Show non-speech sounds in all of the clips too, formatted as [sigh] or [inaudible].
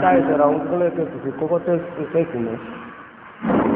Tá, era um colega que ficou com o texto, não sei como é.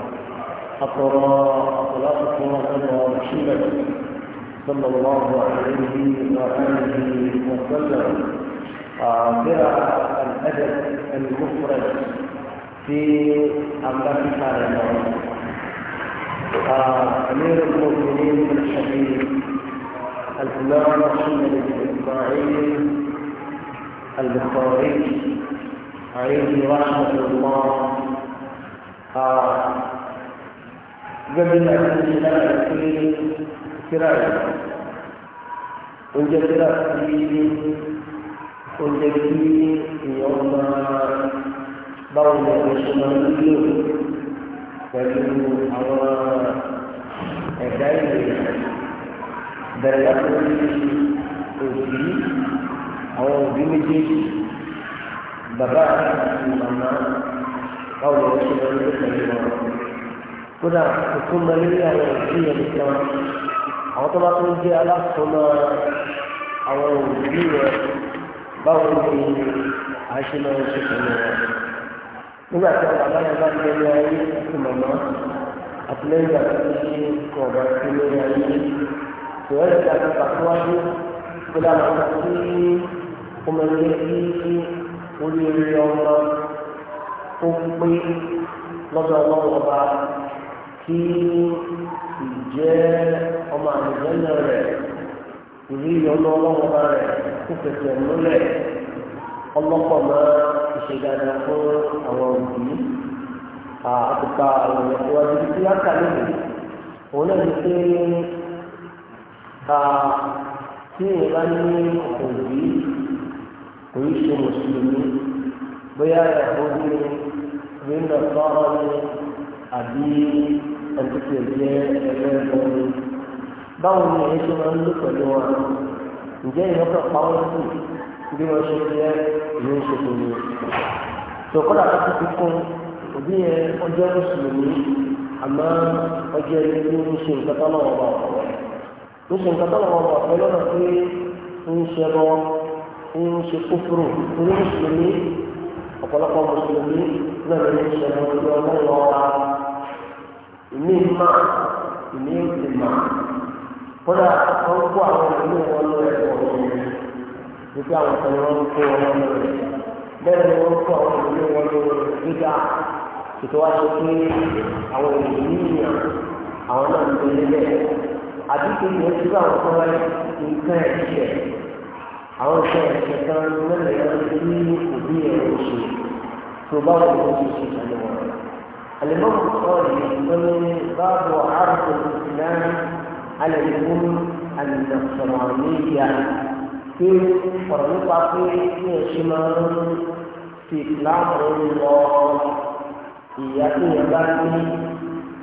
أترى صلاة الله ورسوله صلى الله عليه وآله وسلم قراءة الأدب المفرد في أمريكا آه، أمير المؤمنين الشهيد الإمام محمد بن إسماعيل البخاري عليه رحمة الله آه، gẹ́gẹ́ bí àtúnṣe náà pé kíra rẹ̀ ó jẹ́ kíra sí ó jẹ́ kí èèyàn máa báwo ni ẹ̀rọ ṣe máa ń lò pẹ̀lú àwọn ẹ̀dá ìlera bẹ̀rẹ̀ látọ̀rí òbí àwọn òbí méjèèjì bàbá àti màmá báwo ni ẹ̀rọ ṣe máa ń lò pẹ̀lú wọn kódà tuntun mọ lórí àwọn ìdíyẹ nìkan àwọn tó bá tó ń jẹ alákòóná àwọn òbí rẹ báwo ni àṣìlọ ṣe pẹ̀lú rẹ nígbà tí àwọn bàbá yẹn bá ń bẹ ní ayé àti màmá àtìlẹ́yìn àti kọ ọba sí lórí ayé ìwé ìgbà tó pàṣẹwájú kódà máa ń sí ọmọ ilé orí orí ọmọ tó ń pé lọ́dọ̀ ọlọ́run ọba kí ìjẹ́ ọmọ àlùjẹ́nà rẹ̀ ìrí ìyọ́nú ọlọ́run bá rẹ̀ kó fẹsẹ̀ múlẹ̀ ọlọ́pọ̀ máa ṣe dáadáa fún àwọn òbí àtùkà àwọn ìwádìí tí wọ́n kà lónìí òun náà ní pé tí èèyàn bá ní òbí kò í ṣe mùsùlùmí bóyá ìyàwó ní rí nàfọ́rọ́ ní àbí ẹni tí ó jẹ́ ẹgbẹ́ ẹgbẹ́ báwo ni ẹ̀yẹ́ ṣe máa ń lò pẹ̀lú wọn ǹjẹ́ ìyọ́kọ̀ pa wọ́n sí bí wọ́n ṣe jẹ́ ìlú ṣe kò ní. tòkọ́dà tó ti kún òbí yẹn ọjọ́ mùsùlùmí àmọ́ ọjọ́ ẹni tí ó ń ṣe nǹkan tó lọ́wọ́ bá ọ̀pọ̀ ń ṣe nǹkan tó lọ́wọ́ bá ọ̀pọ̀ lọ́nà pé ń ṣe bọ́ ń ṣe kófòrò orí mùsùlùmí ọ̀pọ̀lọpọ̀ mùsùlùmí náà ló ń ṣe ọjọ́ ọlọ́wọ́ ìmí ma ìmí ti ma kódà wọn kó àwọn ìlú wọn lọ ẹ̀kọ́ yẹn wípé àwọn kan wọn kó wọn lọ rẹ bẹ́ẹ̀ ni wọn kó àwọn ìlú wọn lọ gíga tètè wá ṣe pé àwọn àwọn náà ń tẹ̀lé bẹ́ẹ̀ àdúgbò ti الإمام الصالح من باب عرض الإسلام على الأم النصرانية في فرنطة في شمال في كلام الله إياكم يباني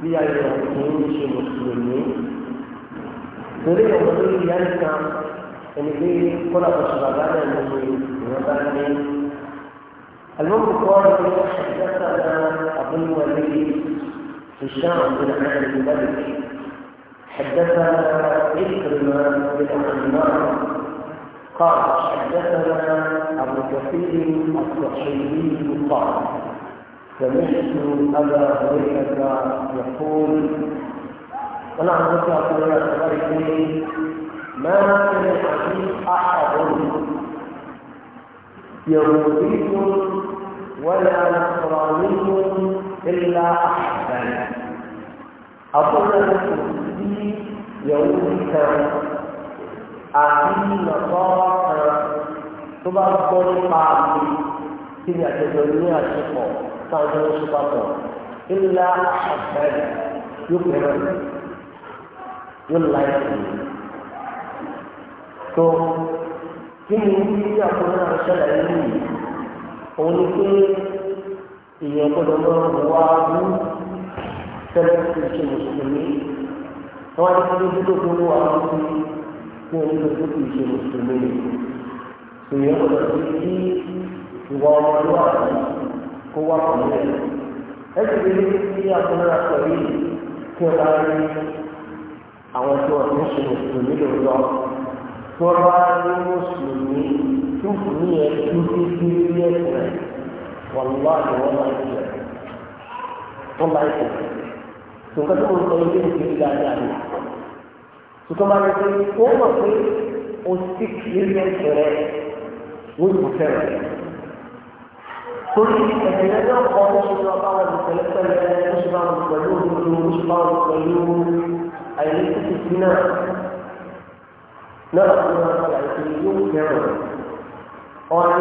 في اليومين في مسلمين torí ọmọ tó yẹ ẹni kan ẹni pé kọ́lá kò sọ̀rọ̀ bá المهم قال حدثنا وهو في هشام بن عبد الملك حدثنا إكرمة بن عمار قال حدثنا أبو كثير الصحيحي قال سمعت أبا هريرة يقول ونحن نسمع سورة الخارجين ما سمع فيه أحد يومئذ ولا نصراني إلا أحسن أقول لكم يوم يومك أعطي نصارى تبقى كل قاعدة كم يعتبرني أشقى تعتبر شبابه إلا أحسن يكرم يلا يكرم تو كم يعتبرنا شلعي òun ni pé èèyàn gbọ́dọ̀ máa wá ní tẹ́lẹ̀ tí mùsùlùmí wọ́n á ní kí lójú tó wà ní ní lójú tó ṣe mùsùlùmí ni èèyàn gbọ́dọ̀ ti kí ìwà ọmọlúwàbí kó wà pẹ̀lú ẹ̀ ẹ̀ sì lè ní kí akọ́nà pẹ̀lú kí ọba rí àwọn tí wọ́n ti ń ṣe mùsùlùmí lòótọ́ tí wọ́n bá ní mùsùlùmí túùtù ní ẹ títí sí ilé ẹ̀kọ́ rẹ̀ wàlúwà ni wọ́n máa ń jẹ wọ́n máa ń jẹ nǹkan tó ń sọ ilé ìgbé dáadáa ni tuntun máa ń pè ó mọ̀ pé o sì ilé ẹ̀kọ́ rẹ̀ wọ́n ti fẹ́ rẹ̀ torí ẹ̀jẹ̀ náà kọ́ ọ́ ṣe máa bá wọn pẹ̀lú pẹ̀lú ẹ̀ ṣe máa wọn pẹ̀lú òdodo ṣe máa wọn pẹ̀lú àìlè títí náà náà ló máa ń sọ àìsí yóò fẹ́ràn rẹ̀. قال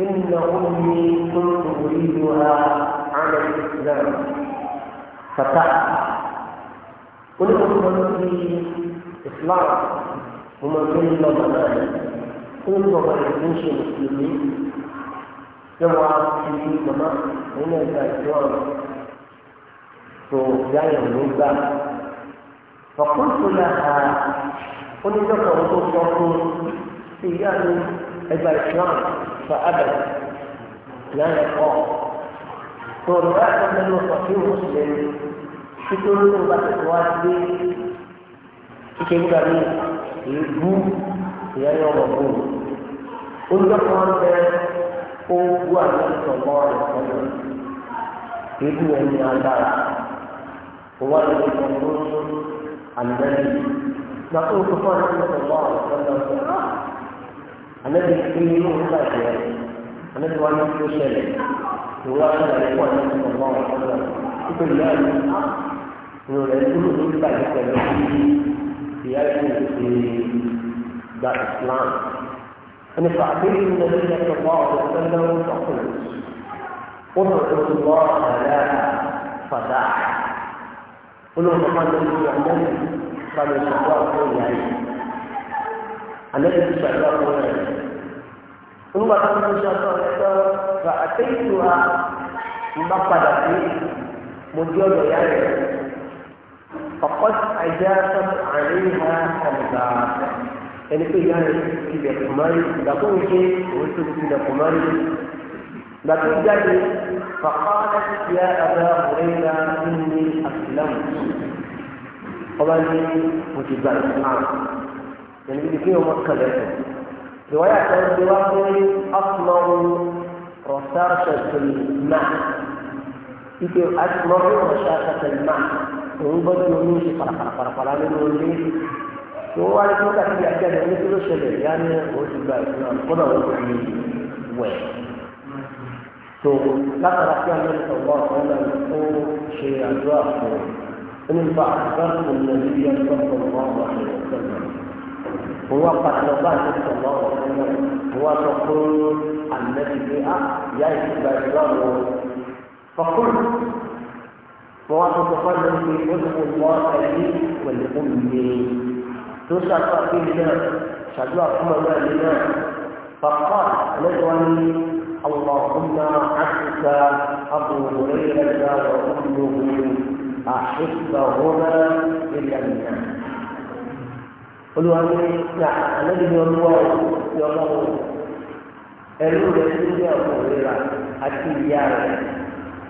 إن أمي كنت أريدها على الإسلام فتحت كل أمتي إسلام ومن كل مبادئ كل مبادئ شيء مسلمين جمعة في مما هنا الإسلام تو جاي من فقلت لها قلت لك أنت في يعني ẹgbà islam fa abẹ lẹ́yìn ẹ̀kọ́ tòrò ẹ̀kọ́ nínú ọ̀sẹ̀ mùsùlùmí títí olóńgbò bá ti wá sí kíkẹ́ النبي يحكي له خاطئا النبي وانا في شيء يقول انا لا يقول النبي صلى الله عليه وسلم يقول لا انه لا يكون في بعد في ايه في دار الاسلام ان فاعتبر النبي صلى الله عليه وسلم تقول ادعوا الله لا فدع قلوا فقال النبي صلى الله عليه وسلم قال الله عليه الذي يدفع الله ولده ثم قال موسى فأتيتها مقلتي مجرد يعني فقد أجاب عليها الباب يعني في يعني كده كمالي لكن شيء وصل كده كمالي لكن جاني فقالت يا أبا هريرة إني أسلمت قبل وجبت الإسلام يعني بدي فيهم مكة رواية الدواري أصنع رشاشة الماء يمكن أصنع رشاشة الماء ونبدأ من شيء فرق فرق فرق من ليه هو على كل في الأحكام مثل الشباب يعني وجب الإسلام قدر يعني واحد تو لا ترى كان الله عليه وسلم شيء أدراكه إن بعد ذلك النبي صلى الله عليه وسلم هو قد نبات صلى الله عليه وسلم هو تقول الذي بيئة يأتي بإجراره فقل هو تقول في أذن الله لي ولأمي تشرف فينا شجوع كما لنا فقال نجوني اللهم عسك أبو هريرة وأمه أحبهما إلى الناس olùwà ní ìgbà ànábi ní olúwa ti ọlọ́run ẹ̀rú rẹ̀ ti ní àwọn òrìrà àti ìyá rẹ̀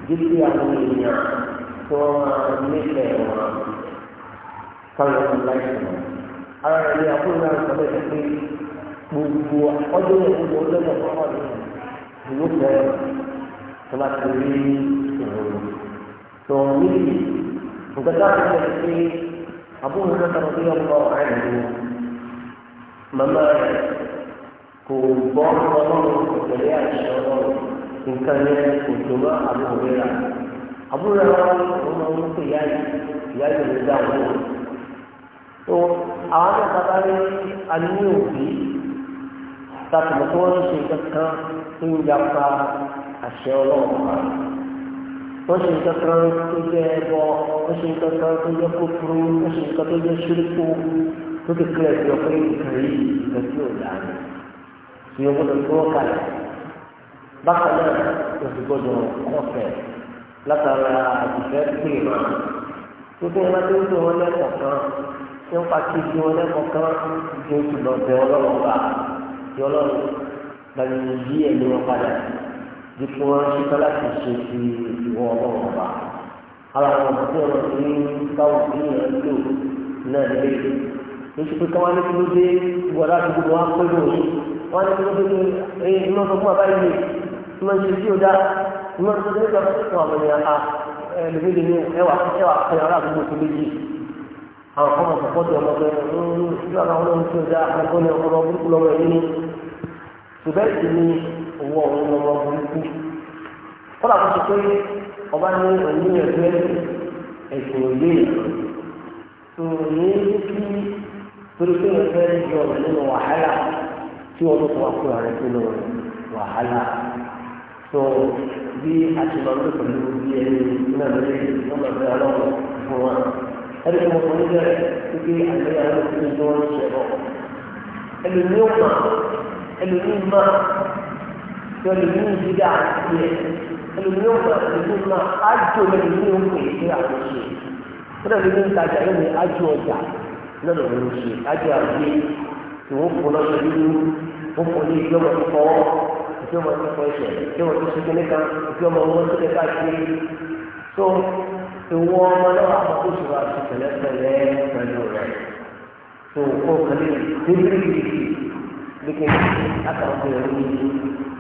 jíjí àwọn èèyàn tó máa nífẹ̀ẹ́ wọn káwọn ọmọ láìsí wọn. ara rẹ̀ ní àkókò náà sọ bẹ́ẹ̀ pé gbogbo ọdún yẹn gbogbo ọdún yẹn fọwọ́ ní ìlú fẹ́ẹ́ tó bá ti rí ìròyìn. tó ní nǹkan tó àti sọ pé. Abu Hurairah radhiyallahu anhu màmá rẹ̀ kò bọ́ ọlọ́run kò tẹ̀lé àṣẹ ọlọ́run nǹkan yẹn kò tó má Abu Hurairah Abu Hurairah wọn máa ń pè yá yìí ìyá yìí ló dá wọn. tó àwọn náà bàbá rí aníyàn òbí tàbí tí wọ́n ṣe kankan ń yapa àṣẹ ọlọ́run wọ́n ṣe nǹkan kan tó jẹ́ ẹbọ wọ́n ṣe nǹkan kan tó jẹ́ kókòrò wọ́n ṣe nǹkan tó jẹ́ ṣírípò tó ti kílẹ̀ sí ọkọ ìkan yìí nǹkan tí ò dáa ni tí o gbọ́dọ̀ tó kalẹ̀ bákan náà o sì gbọ́dọ̀ kọfẹ̀ látara àtìfẹ́ pè mọ́ nígbà yẹn láti ń pè wọ́n lẹ́kọ̀ọ́ kan tí ń pa kí ju wọn lẹ́kọ̀ọ́ kan ju oṣù lọ ọlọ́run bá dípò ránṣẹ́ láti ṣe ti ìwọ ọlọ́run ọba ara àwọn ọ̀dọ́ ọ̀rọ̀ ní báwo ní ìrìn lò náà lé ní ṣe pé káwọn ní kí ló dé gbogbo aláàbí gbogbo wọn pé lóòrùn wọn ní kí ló dé ní ẹyẹ iná sọ fún àbáyé lè iná ṣe sí ọ̀dà iná sọ fún ẹgbẹ́ fún àwọn ènìyàn a ẹlòmí lè ní ẹwà ẹwà fún ara àdúgbò tó méjì àwọn kọ́mọ kọ́kọ́ tó ọmọ bẹ́ẹ̀ ń ṣíwájú owó ọ̀rọ̀ lọ́wọ́ burúkú kọ́lá tó ti pé ọba ní òní ẹgbẹ́ ẹ̀sìn òye tó ní kí torí pé fẹ́ yọ nínú wàhálà tí wọ́n tó wá wàhálà tó bí pẹ̀lú bí ẹni náà lórí fún wa ẹni tó fún àgbẹ̀yà ń jọ pẹ̀lú ní ìdílé àti ẹ̀ pẹ̀lú ní ọ̀pọ̀ ìlú náà ájò lẹ́nu ní òkè ìpín àwọn ṣe pẹ̀lú ní ìtajà yóò ní ájò ọjà lọ́nà òun ṣe ájò àgbé ìwọ́n fún lọ́sọ̀ nínú ó fún ní ìjọba tó fọwọ́ ìjọba tó fọ ẹsẹ̀ ìjọba tó ṣe kíní kan ìjọba wọn tó kẹta ṣe tó ìwọ ọmọ náà àkókò ṣùgbọ́n àti pẹ̀lẹ́pẹ̀lẹ́ pẹ̀lú rẹ̀ tó kó kàlẹ́ ìdílé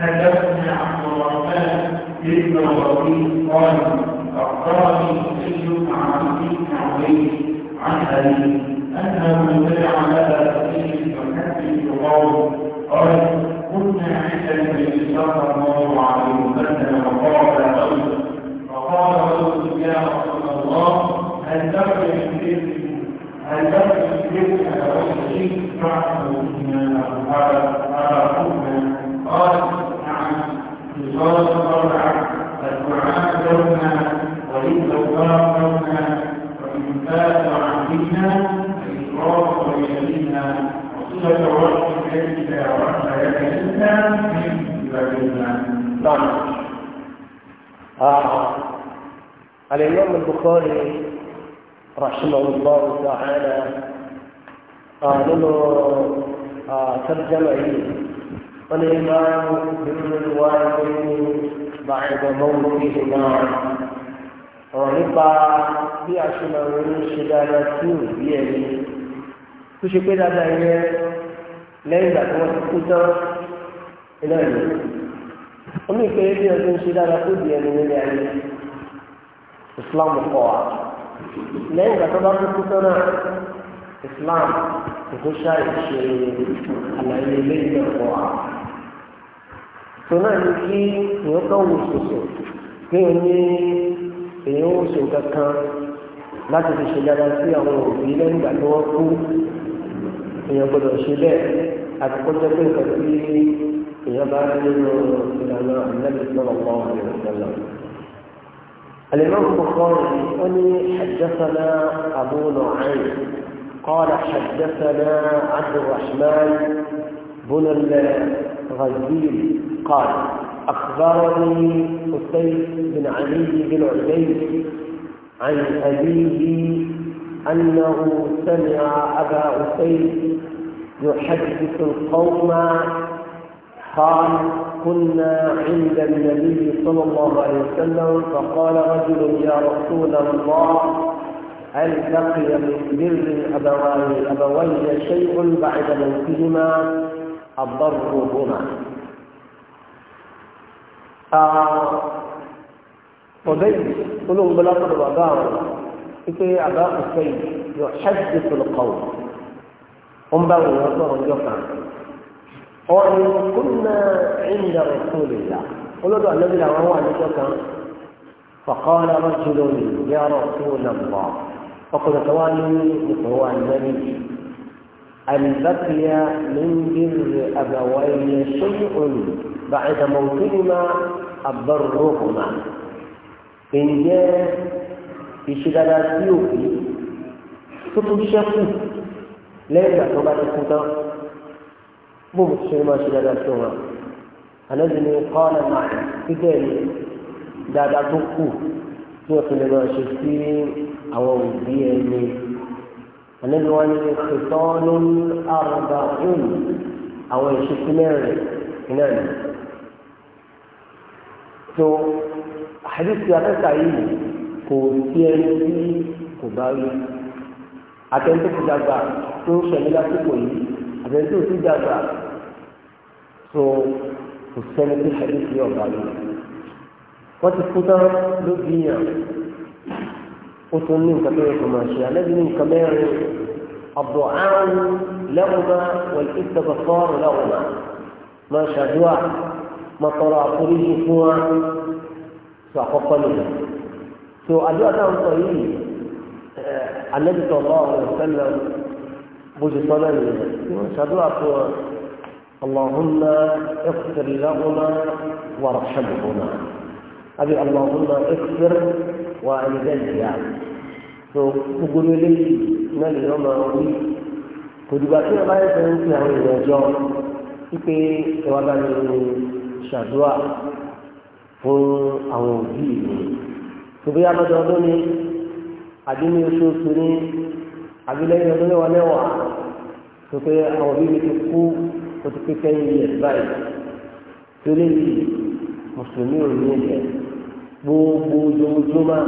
حدثنا عبد الرحمن بن الربيع قال اخبرني سيد عن عبيد عن ابي انه سمع ابا سعيد يحدث قوم قال كنا عند النبي صلى الله عليه وسلم فقال له فقال له يا رسول الله هل تقبل الذكر هل تقبل الذكر على وجهي فاعلم بما قال قال نصاب الطبع الدعاء لنا وإن الله لنا ومن فات عن دينا فإشراف ويدينا وصلة رحم يدك ورحمة يدك من بدنا نعم آه. الإمام البخاري رحمه الله تعالى قال له آه، ترجمة والإيمان بالوالدين بعد موتهما ونبع bí a ṣe máa ronú ṣe dáadáa sí òbí ẹni tó ṣe pé dáadáa yẹn lẹ́yìn ìgbà tí wọ́n ti kú tán iná ìlú omi ìkéré bí ọdún ṣe dáadáa tó di ẹni nílé ayé Islam kọ wa lẹ́yìn ìgbà tó bá kú tán náà islam kò ṣàì ṣe àlàyé ilé ìgbà fún wa. tó náà ní kí èèyàn kan wò sòsò kí èèyàn ní èèyàn wò sòsò kankan láti fi ṣe dáadáa sí àwọn òbí lẹ́yìn ìgbà tí wọ́n kú èèyàn gbọ́dọ̀ ṣe bẹ́ẹ̀ àti kọjá pé nǹkan tí èèyàn bá rí nínú ìlànà ànábì sọ̀rọ̀ pọ̀ ọ̀rẹ́ ìṣẹ̀lẹ̀. الإمام البخاري يقول حدثنا أبو نعيم قال حدثنا عبد الرحمن بن الغزيل قال أخبرني حسين بن علي بن عبيد عن أبيه أنه سمع أبا حسين يحدث القوم قال كنا عند النبي صلى الله عليه وسلم فقال رجل يا رسول الله هل بقي من بر الأبوين شيء بعد موتهما أضرهما قبيل آه، قلوب بلقب وباو إيه أباء السيد يحدث القوم هم باو يصور جفا وإن كنا عند رسول الله قلوا النبي لا هو عند فقال رجل يا رسول الله فقل توالي فهو النبي أن بقي من بر أبوين شيء بعد موتهما أبرهما إن جاء في شلالات يوفي كتب شخص ليس أعتبار الكتاب مو بتشير ما شغالاتهما أنا قال معي في ذلك دادا تقوه tí wọ́n fi lè máa ṣe sí àwọn òbí ẹni ànábi wọn ní ìtọ́nú àrùbá òun àwọn ìṣesí mẹ́rin iná ni. tó àdìsí akẹ́kọ̀ọ́ yìí kò sí ẹni tí kò bá rí àtẹ̀ntò ti dàgbà tó ń ṣẹ̀mí lásìkò yìí àtẹ̀ntò ti dàgbà tó kò sẹ́ni tí àdìsí ọ̀gá rí wọ́n ti kú tán ló bí yàn ó tún ní nǹkan tó yẹ kó máa ṣe alẹ́ bí ní nǹkan mẹ́rin ọ̀bọ̀ àrùn lẹ́kùnmá wọ̀lú ìtọ́gbà fọ́ọ̀rù lẹ́kùnmá máa ṣàdúrà máa tọrọ àforíjì fún wa tó àkọ́kọ́ nìyẹn tó àdúrà táwọn sọ yìí alẹ́bí tọ̀lọ́ ọ̀rọ̀ ìfẹ́lẹ̀ bó ṣe tọ́lá nìyẹn tí wọ́n ṣàdúrà fún wa اللهم اغفر لهما وارحمهما Abi ọlọ́mọdúnmọ́ ẹ̀kúrẹ́ wà ẹ̀ńdẹ́gbẹ̀yà tó gbogbo eléyìí náà lè yọ máa wí kò dìgbà tí wọn bá yẹ fẹ́ ń pè àwọn èèyàn jọ wípé ìwà bá mi ṣàdúrà fún àwọn òbí mi tóbi abọ́dọ̀ ni àbí ní oṣooṣù ní àbí lẹ́yìn ọdún mẹ́wàá mẹ́wàá tó pé àwọn òbí mi ti kú ó ti pé kẹ́yìn yẹn báyìí torí mùsùlùmí ò ní ilẹ̀ gbogbo ojoojúmọ́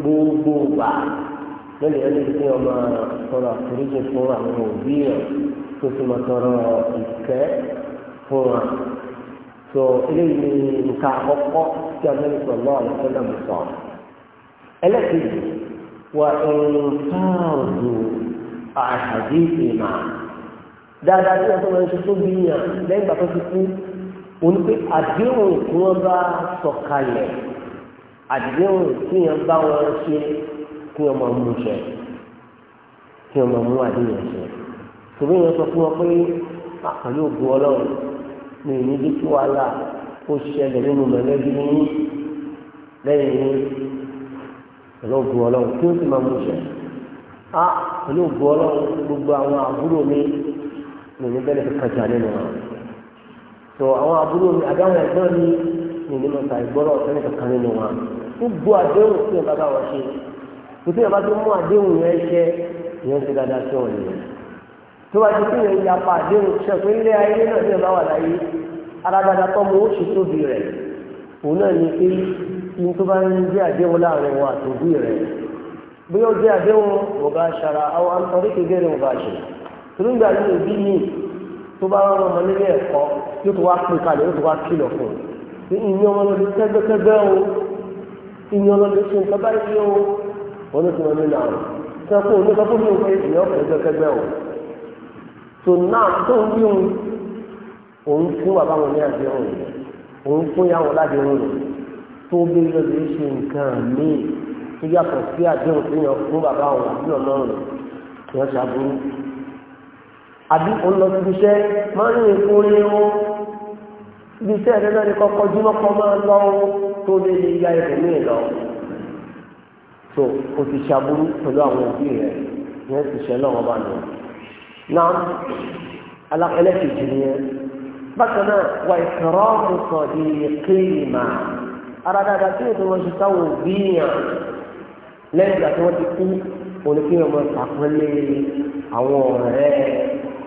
gbogbo gbà lórí ẹni tí wọn máa tọrọ àforíjì fún àwọn òbí rẹ tó sì máa tọrọ ìkẹ́ fún wa tó eléyìí ni nǹkan àkọ́kọ́ tí a lórí sọ lọ́wọ́ àlùfẹ́ náà mú sọ. ẹlẹ́kejì wà ẹ̀rùnfáàdù àhàdí ìmà dáadáa tí wọn tó máa ń ṣe bí yàn lẹ́yìn ìgbà ti kú òun pé àdéhùn tí bá sọ̀kalẹ̀ àdéhùn tí yẹn bá wọn ṣe kí wọn máa mú ṣe kí wọn máa mú àdéhùn ṣe tòbí yẹn sọ fún wọn pé àpẹẹrẹ ògùn ọlọ́run ní ìní bí kí wàhálà ó ṣẹlẹ̀ nínú mọ̀lẹ́bí ní lẹ́yìn ní pẹ̀lú ògùn ọlọ́run kí ó sì máa mú ṣe á pẹ̀lú ògùn ọlọ́run gbogbo àwọn àbúrò mi ní ìní bẹ́ẹ̀ fi kàjà nínú wọn tó àwọn àbúrò mi àdáwọn ẹ̀gbọ́n mi ní ìní mọ̀ta ìgbọ́rọ̀ ọ̀sẹ̀ nínú wọn gbogbo àdéhùn tí yẹn bàbá wọn ṣe kò tí yẹn bá tó mú àdéhùn yẹn ṣe yẹn ti dáadáa sí wọn nìyẹn tó bá ti fún yẹn yapa àdéhùn ṣe pé ilé ayé náà yẹn bá wà láyé alágbádá tọ́mọ ó ṣe tóbi rẹ̀ òun náà ní pé kí n tó bá ń jẹ́ àdéhùn láàrin wọn àtòbí rẹ̀ bí ó jẹ́ àdéhùn ọ̀gá aṣara àwọn àǹtọ̀rí kékeré ọ̀gá aṣọ tòlúgbà ní òbí mi tó bá rán ọmọ nílé ẹ̀kọ́ yóò tó wá pè kalẹ̀ yóò tó wá kìlọ̀ fún un ìyẹn ọmọ lọ́dún kẹ́gbẹ́kẹ́gbẹ́ o ìyẹn ọlọ́dún ṣe nǹkan báyìí ní o wọn ló ti wọn nínú àrùn sọ pé òun ló sọ fún mi pé ìyẹn ọkọ̀ ẹgbẹ́ kẹgbẹ́ o tò náà tó ń bí òun òun fún bàbá wọn ní àjẹ òun òun fún ìyá wọn láti òun tó bí lọ́dún ṣe nǹkan míì tó yàtọ̀ sí àdéhùn tó yàn fún bàbá òun àti ọlọ́run ìyẹn ṣàbùrú àbí òun lọ síbi iṣẹ́ máa ń rìn fún orí wọn ibi iṣẹ́ rẹ náà ni kọ́kọ́ júmọ́ kan máa lọ tó lé ní ya ẹlòmíì lọ. tó o ti ṣàbúrú pẹ̀lú àwọn òbí rẹ ìyẹn ti ṣẹ́ lọ́wọ́ bá lọ. náà alákẹ́lẹ́kejì nìyẹn bákan náà wà ìkọ̀rọ̀ mùsọ̀ ìkéyìmá ara dáadáa tí o tó wọ́n ṣe sáwọn òbí yàn lẹ́yìn ìgbà tí wọ́n ti kú òní kí wọ́n àwọn ọ̀rẹ́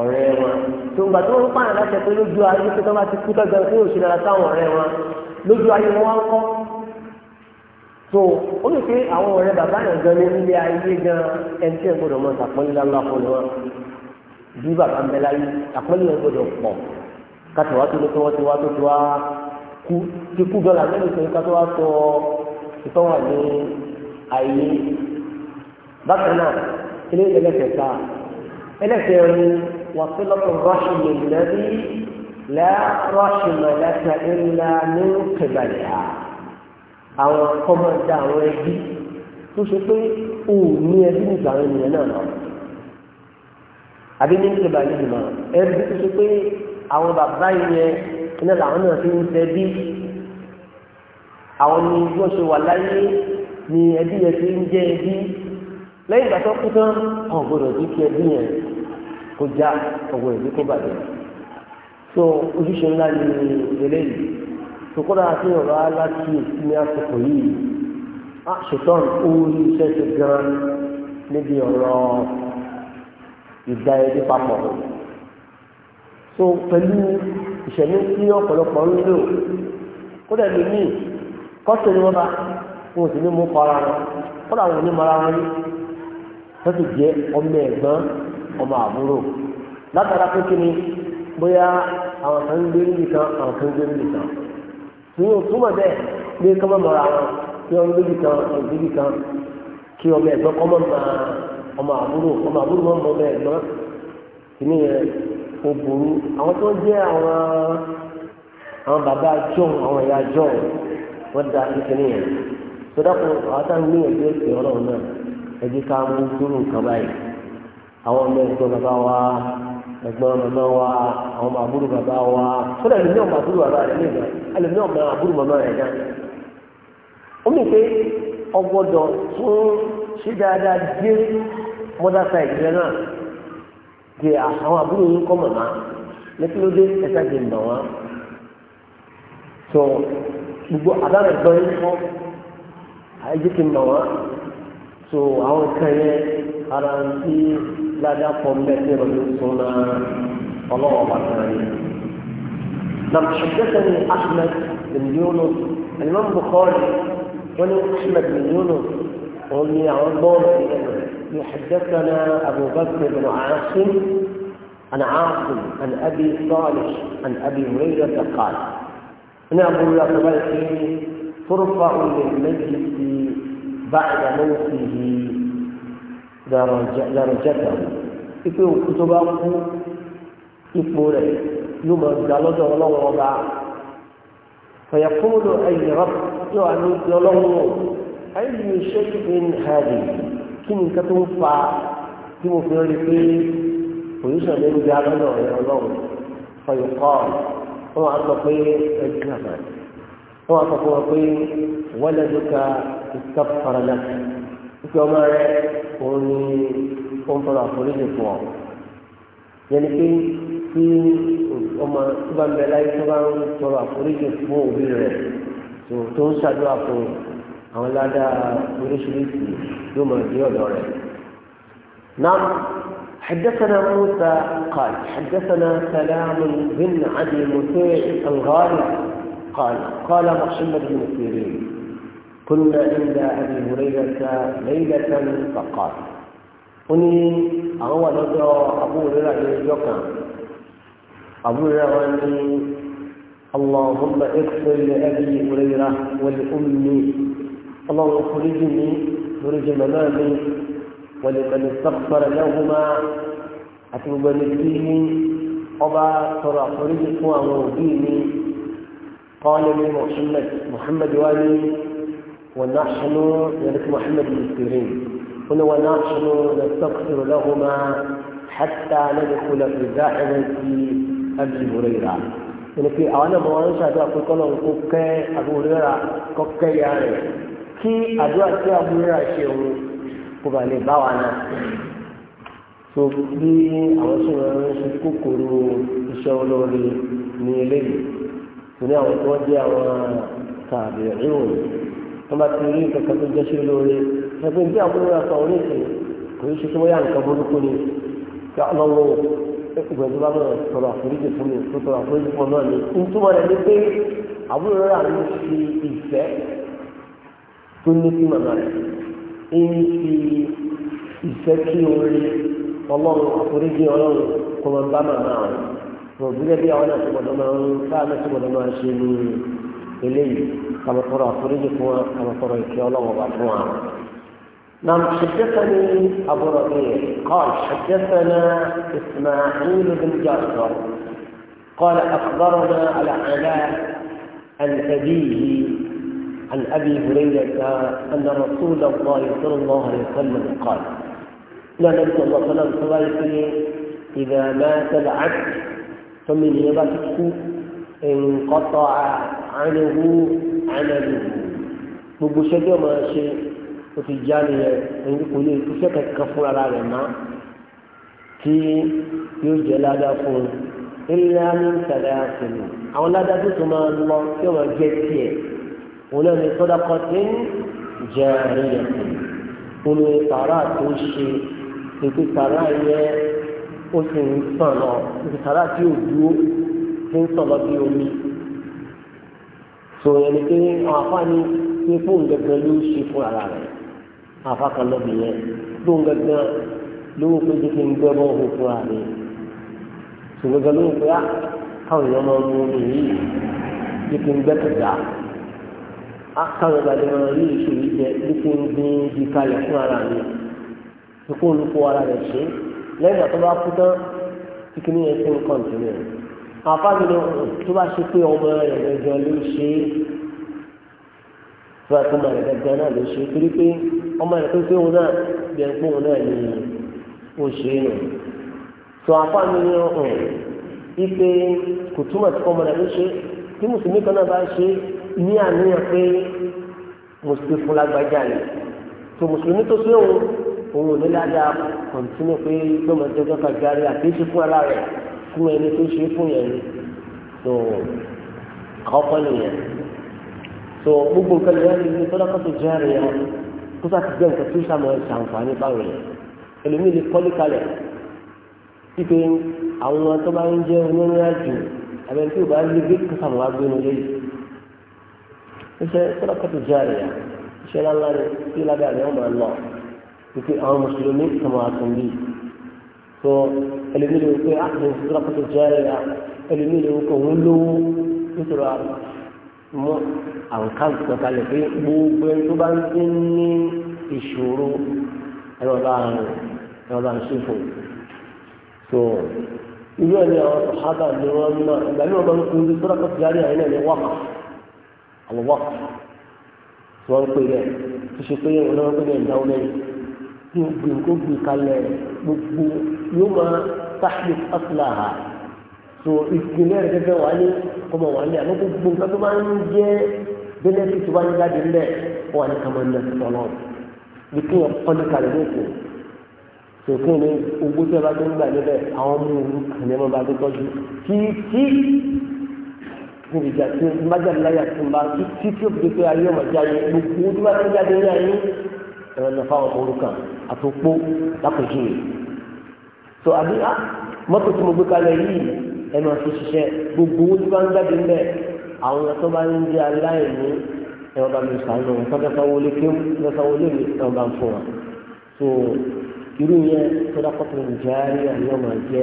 ọ̀rẹ́ wọn tó ń gbà tó ń pààyàn láti ẹ̀pẹ́ lójú ayé pé tó ti kú tọ́jú ẹ̀kú òṣèlú ara sáwọn ọ̀rẹ́ wọn lójú ayé wọn wá ń kọ́ tó ó lè pé àwọn ọ̀rẹ́ bàbá yẹn gan ní ilé ayé gan ẹni tí ẹ̀ gbọ́dọ̀ mọ wọn bí bàbá ń bẹ láyé àpọ́nlé yẹn gbọ́dọ̀ pọ̀ kátó wá tó ló tó وصلة الرحم الذي لا رحم لك إلا من قبلها àwọn kọ́mọ dá àwọn ẹbí tó ṣe pé o ní ẹbí nígbà àwọn ènìyàn náà lọ àbí ní ìjọba yìí mọ ẹbí tó ṣe pé àwọn bàbá yẹn iná làwọn náà fi ń ṣẹbí àwọn ni wọ́n ṣe wà láyé ni ẹbí yẹn fi ń jẹ ẹbí lẹ́yìn ìgbà tó kú tán wọn gbọ́dọ̀ dúkìá ẹbí yẹn kó já ọwọ́ ìlú kó bàjẹ́ so ojúṣe ńlá ni eléyìí tòkọ́dà àti ọ̀rọ̀ aláti èsì ní àsìkò yìí á ṣetán orí iṣẹ́ ti gan níbi ọ̀rọ̀ ìdá ẹbí papọ̀ so pẹ̀lú ìṣẹ̀lẹ̀ tí ọ̀pọ̀lọpọ̀ ń lò kódà lè ní kọ́sẹ̀ ni wọ́n bá wọn ò sì ní mú kọ́ ara wọn kódà wọn ò ní mọ ara wọn rí wọ́n ti jẹ́ ọmọ ẹ̀gbọ́n ọmọ àbúrò látara pé kí ni bóyá àwọn kan ń gbé níbi kan àwọn kan ń gbé níbi kan tí yóò túmọ̀ bẹ́ẹ̀ pé kọ́ mọ̀ mọ́ra wọn kí wọ́n gbé níbi kan wọ́n gbé níbi kan kí ọmọ ẹ̀gbọ́n kọ́ mọ̀ mọ́ ọmọ àbúrò ọmọ àbúrò mọ̀ mọ́ ọmọ ẹ̀gbọ́n kìíní yẹn ó burú àwọn tó jẹ́ àwọn àwọn bàbá jọ̀ọ̀ àwọn ìyá jọ̀ọ̀ wọ́n da kìíní yẹn sọdọ́kùn àwọn táwọn gbìyànjú ẹ̀sìn ọlọ́run náà ẹ̀jẹ̀ ká àwọn ọmọ ẹ̀gbọ́n bàbá wa ẹ̀gbọ́n wa àwọn ọmọ àbúrò bàbá wa kódà ẹlòmíì ọmọ àbúrò bàbá rẹ̀ nígbà ẹlòmíì ọmọ àbúrò màmá rẹ̀ náà. omi pé ọgbọ́dọ̀ fún ṣí dáadáa dé mọ́dá sáìdì rẹ̀ náà di àwọn àbúrò yín kọ́ màmá lẹ́kílódé ẹ̀ka di mọ̀ wọn. tó gbogbo ẹ̀gbọ́n kọ́ àyè mọ̀ tó àwọn kan ládàá pọ̀ mẹ́tẹ́ rẹ̀ ló sún náà ọlọ́wọ́ bàtà حدثني أحمد بن يونس الإمام بخاري ولو أحمد بن يونس قال لي عمر يحدثنا أبو بكر بن عاصم عن عاصم عن أبي صالح عن أبي هريرة قال أقول لك هريرة ترفع للمجلس بعد موته dàrọ̀jẹ́ta ipe òkú tó bá kú ipò rẹ̀ yóò máa gbà lọ́dọ̀ ọlọ́run ọba fẹ̀yàkúrò ẹ̀yìn rẹ̀ yóò wà ní ìpín ọlọ́run ẹ̀yìn iṣẹ́ ìpín hàdì kí ni nǹkan tó ń fa tí mo fi ń rí pé pòlíṣàn lè ń gbà lọ́dọ̀ ọlọ́run fẹ̀yàkọ́ wọn á sọ pé ẹ̀jẹ̀ àmà wọn á sọ fún wọn pé wọ́n lẹ́dọ̀ka ìtàkùn fara náà kíkẹ́ ọmọ rẹ òun ni ó ń tọrọ àforíjì fún ọ yẹni pé tí ọmọ tó bá ń bẹ láyé tó bá ń tọrọ àforíjì fún òbí rẹ tó ń ṣàdúrà fún àwọn ládàá oríṣiríṣi yóò mọ̀ ní ọ̀dọ̀ rẹ. نعم حدثنا موسى قال حدثنا سلام بن عدي مطيع الغالب قال قال محمد بن سيرين كنا عند أبي هريرة ليلة فقال أني أهو لدى أبو هريرة يوكا أبو هريرة اللهم اغفر لأبي هريرة والأم اللهم اخرجني خرج منامي ولمن استغفر لهما أتوب نسيني أبا ترى خرجت وأموديني قال لي محمد محمد والي ونحن ذلك محمد المسكرين هنا ونحن نستغفر لهما حتى ندخل في زاحمة أبي هريرة يعني في أنا موانشا تقول كلهم كوكا أبو هريرة كوكا يعني كي أدوات كي أبو هريرة شيء كوبالي باوانا so bí àwọn tí wọn ń ṣe kòkòrò iṣẹ́ olóore ní eléyìí tó ní àwọn tí wọn jẹ àwọn tàbí ìròyìn wọ́n bá ti rí nǹkan kan tó jẹ́sí lóore ẹgbẹ́ bí àbúrò rẹ̀ sọ orí ìsìn kò ní ṣe kí wọ́n yá nǹkan burúkú ni kí wọ́n lọ́wọ́ ìgbẹ́ tó bá mọ̀ sọ̀rọ̀ àforíjì fún mi tó sọ̀rọ̀ àforíjì fún ọ náà ni ìtumọ̀ rẹ̀ ni pé àbúrò eléyìí kàmá tọrọ àforíjì fún wa kàmá tọrọ ìfẹ́ نعم حدثني أبو ربيع قال حدثنا إسماعيل بن جعفر قال أخبرنا العلاء عن أبيه عن أبي هريرة أن رسول الله صلى الله عليه وسلم قال لا نبي الله صلى الله عليه وسلم إذا مات العبد فمن يبكي انقطع عنه عمله gbogbo sẹ́jọ́ ọmọ ṣe o ti já ni ẹ ẹni kò lè iṣẹ́ kankan fún ara rẹ̀ mọ́ tí yóò jẹ́ ládàá fún un ilé ayé ń tẹ̀lé àtẹ̀lé àwọn ládàá tó tún máa lọ tí ó máa jẹ́ tiẹ̀ òun ní sọ́dọ̀ tí ń jẹ́ àríyàn òun ní sàárà tó ṣe ètò sàárà yẹn ó sì ń sàn lọ ètò sàárà tí ò dúró. tí ń sọ̀rọ̀ omi ni pé àwọn afáàní ní fóun gẹ́gẹ́ ló ṣe fún ara rẹ̀ àfa kan lọ́bì yẹn fóun gẹ́gẹ́ ló ń péjọ kí n gbẹ́ fún ara rẹ̀ sọ̀rọ̀ gẹ́gẹ́ ló ń káwọn èèyàn máa mú omi yìí kí n kẹta káwọn jẹ kí n gbin fún ara ara ṣe kú àfáàmì ló tó bá ṣe pé ọmọ rẹ̀ gẹ́gẹ́ ló ṣe é fún ẹ̀kọ́ ọmọ rẹ̀ gẹ́gẹ́ náà ló ṣe é torí pé ọmọ rẹ̀ pé pé òun náà bí ẹ̀ pé òun náà ni ó ṣe é nù tó àfáàmì ló hàn wípé kò túmọ̀ sí ọmọ rẹ̀ ló ṣe é tí mùsùlùmí kan náà bá ṣe é ní àníyàn pé mùsùlùmí fún lágbájá ni tó mùsùlùmí tó ṣe òun òun ò ní ládàá kọ̀ǹtínú pé gbọ́mọdé gbọ́kàgbárí àti ìṣe fún ara rẹ̀ fún ẹni tó ṣe fún yẹn ni tó kọ́kọ́ nìyẹn tó gbogbo nǹkan lóyún ẹni tó dákọ́ tó jẹ́ rẹ̀ yẹn kó sáà ti jẹ́ nǹkan tó sàmọ́ ẹ̀ ṣàǹfààní báwọn yẹn ẹlòmíì lè kọ́lé kalẹ̀ pípé àwọn tó bá ń jẹ́ onírìn àjò àbẹ̀rẹ̀ tí ò bá lé gbé kó sàmọ́ wá gbénu lé iṣẹ́ tó jẹ́ rẹ̀ yẹn iṣẹ́ láńlá ni tí ládàá rẹ̀ wọ́n máa lọ pípé àwọn mùsùlùmí kàmọ́ àtúndì So ẹlòmíì lè wò pé àpò ìṣúra pàtó jẹ́ ẹ̀yà ẹlòmíì lè wò pé òun lówó nítorí mú àǹkáǹtì kankalẹ̀ pé gbogbo ẹni tó bá ń ti ní ìṣòro ẹ̀rọ bá ń ẹ̀rọ bá ń ṣèfò tó irú ẹni àwọn sàhábà ni wọ́n ń náà ìgbà yóò bá ń kú ìṣúra pàtó jẹ́ ẹ̀yà àwọn wákà tí wọ́n ń pè rẹ̀ tó ṣe pé olówó pé ní ẹ̀dá omi tí ó gbìn kó gbìn kalẹ̀ gbogbo yóò máa sáàlì so ìpínlẹ̀ rẹ̀ gẹ́gẹ́ wà ní ọmọ wà ní àlọ́kù gbogbo nǹkan tó bá ń jẹ́ bẹ́lẹ́sì tó bá ń jáde ńlẹ̀ wà ní kàmá ńlẹ̀ tó lọ́wọ́ ní kí wọ́n kọ́ ní kalẹ̀ ní òkú sòkè ní ogbó tí a bá tó ń gbà níbẹ̀ àwọn ọmọ òru kàn ní ọmọ bá tó tọ́jú títí níbi ìjà tí májàlú láyà tó ń bá títí tí ó fi pé ayé ọmọ jáde gbogbo tó bá tó jáde ní ayé ẹ̀rọ tó àbí á ah, mọ́tò tí mo gbé kalẹ̀ yìí ẹnu àti ṣiṣẹ́ gbogbo owó tí bá ń jáde ńbẹ àwọn èèyàn tó bá ń jẹ aláìní ẹ̀rọ bá mi sànù nǹkan tó sanwó lé kéwù tó sanwó lé mi ẹ̀rọ bá ń fún wa tó irú yẹn tó dákọ̀tò ìjárí àníyàn máa jẹ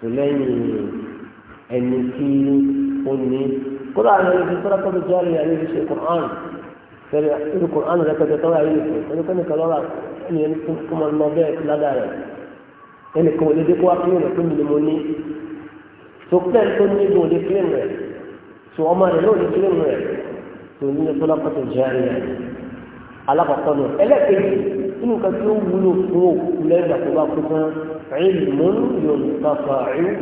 tó lẹ́yìn ẹni tí ó ní kódà àwọn ẹni tó dákọ̀tò ìjárí àníyàn ti ṣe kùrán fẹ́rẹ̀ irú kùrán rẹ̀ pẹ̀tẹ̀ tó wà yìí ẹni kọ́ ẹnìkan ò lè dé kó wá fílẹ̀mù tó ní mo ní tó pẹ́ tó ní ibò lè fílẹ̀mù rẹ̀ tó ọmọ rẹ̀ náà lè fílẹ̀mù rẹ̀ tó ní ẹ̀tọ́ lápapọ̀ jẹ́ àríyá alákọ̀ọ́kọ́ nù ẹlẹ́kẹ̀ẹ́ inú kan tí ó wúlò fún òkú lẹ́gbà tó bá kú tán ẹ̀yìn mú yorùbá fa ẹ̀yìn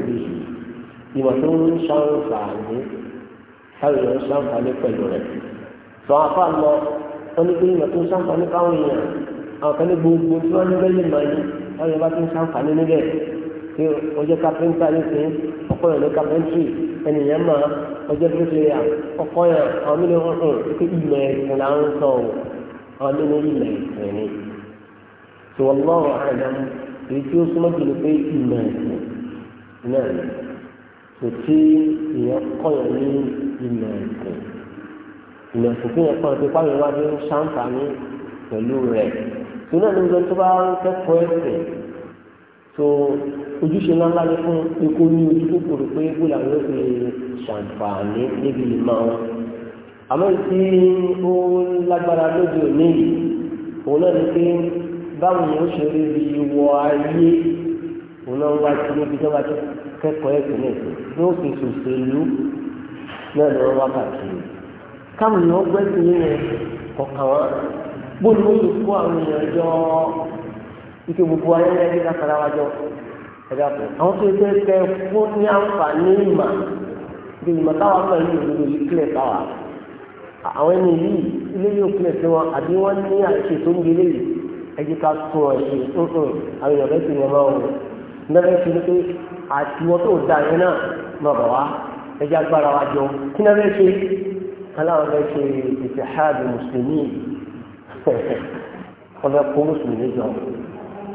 ìmọ̀ tó ń ṣàǹfààní táwọn èèyàn ṣàǹfààní pẹ̀lú rẹ̀ sọ afá lọ wọn ní pé ìmọ̀ tó ń ṣàǹfààní káwọn èèyàn àwọn kan ní gbogbo tí wọ́n ní bẹ́ẹ̀ lè máa yí báyọ̀ bá ti ń sàǹfààní níbẹ̀ pé ọjọ́ kápẹ́ńtà nìkan ọkọ yẹn ló kápẹ́ńtì ẹnìyẹn mọ̀ ọjọ́ bíríkìlìyà ọkọ yẹn àwọn mi ní ọ̀hún pé ìmọ̀ ẹ̀sìn là ń sọ o àwọn mi ní ìmọ̀ ẹ̀sìn ni tí wọ́n lọ́rọ̀ àdám èyí tí ó súnmọ́ jù ní pé ìmọ̀ ẹ̀sìn náà ni kò tí ìyẹn kọ́ yẹn ní ìmọ̀ ẹ̀sìn ìmọ̀ ẹ̀sìn tí yẹn kọ́ yẹn pé pàrọ̀ wá iná ní ìjọ tó bá ń kẹ́kọ̀ọ́ ẹ̀sẹ̀ tó ojúṣe ńláńlá ni fún ikú ní ojú kòkòrò pé bóyá yóò fi ṣàǹfààní níbi ìmọ̀ wọn àmọ́ tí ó lágbára lóde òní òun náà ni pé báwo ni ó ṣe rí bí wọ ayé òun náà wá sí níbi tó bá ti kẹ́kọ̀ọ́ ẹ̀sìn náà bí ó fi ṣòṣèlú náà ni wọ́n wá kàkiri káwọn ni wọ́n gbẹ́sìn yẹn kọ̀ọ̀kan wọn. bóyá ó ti kó àwọn èèyàn jọ ike gbogbo ayé ní ẹgbẹ́ jọ ẹ̀dá pẹ̀. àwọn tó ṣe kẹ fún ní àǹfààní ìmà bí ìmọ̀ táwọn náà yìí òdodo yìí kílẹ̀ táwa àwọn ẹni yìí ilé yóò kílẹ̀ sí wọn àbí wọ́n ní àṣẹ tó ń gbélé yìí ká tún ṣe àwọn èèyàn bẹ́ẹ̀ pé àti wọn tó da náà máa bọ̀ wá agbára wa jọ wọ́n fẹ́ kó mùsùlùmí jọ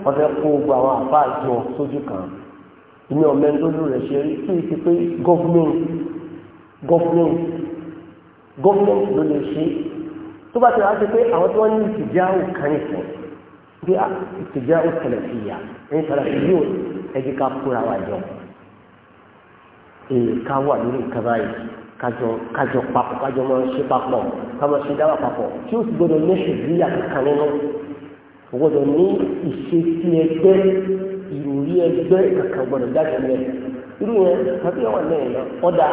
wọ́n fẹ́ kó gbogbo àwọn àbá àjọ sójú kan ìní ọmọ ẹni tó lù rẹ̀ ṣe rí kí ti pé gọ́fúnmẹ́ǹtì gọ́fúnmẹ́ǹtì gọ́fúnmẹ́ǹtì ló lè ṣe tó bá ti wá sí pé àwọn tí wọ́n ní ìtìjà ò kàn nìkan bí ìtìjà ò tẹ̀lẹ̀ sí ìyá ẹni tẹ̀lẹ̀ sí yóò ẹ̀jẹ̀ ká kóra wa jọ èèkà wà lórí ìkàbáyìí kájọ kájọ papọ̀ kájọ máa ṣe papọ̀ kájọ ṣe dáwà papọ̀ tí ó sì gbọdọ̀ ní ṣùgbọ́n kankan nínú kò gbọdọ̀ ní ìṣesí ẹgbẹ́ ìròrí ẹgbẹ́ kankan gbọdọ̀ jáde lẹ irú yẹn tàbí ẹwà lẹ́yìn náà ọ̀dà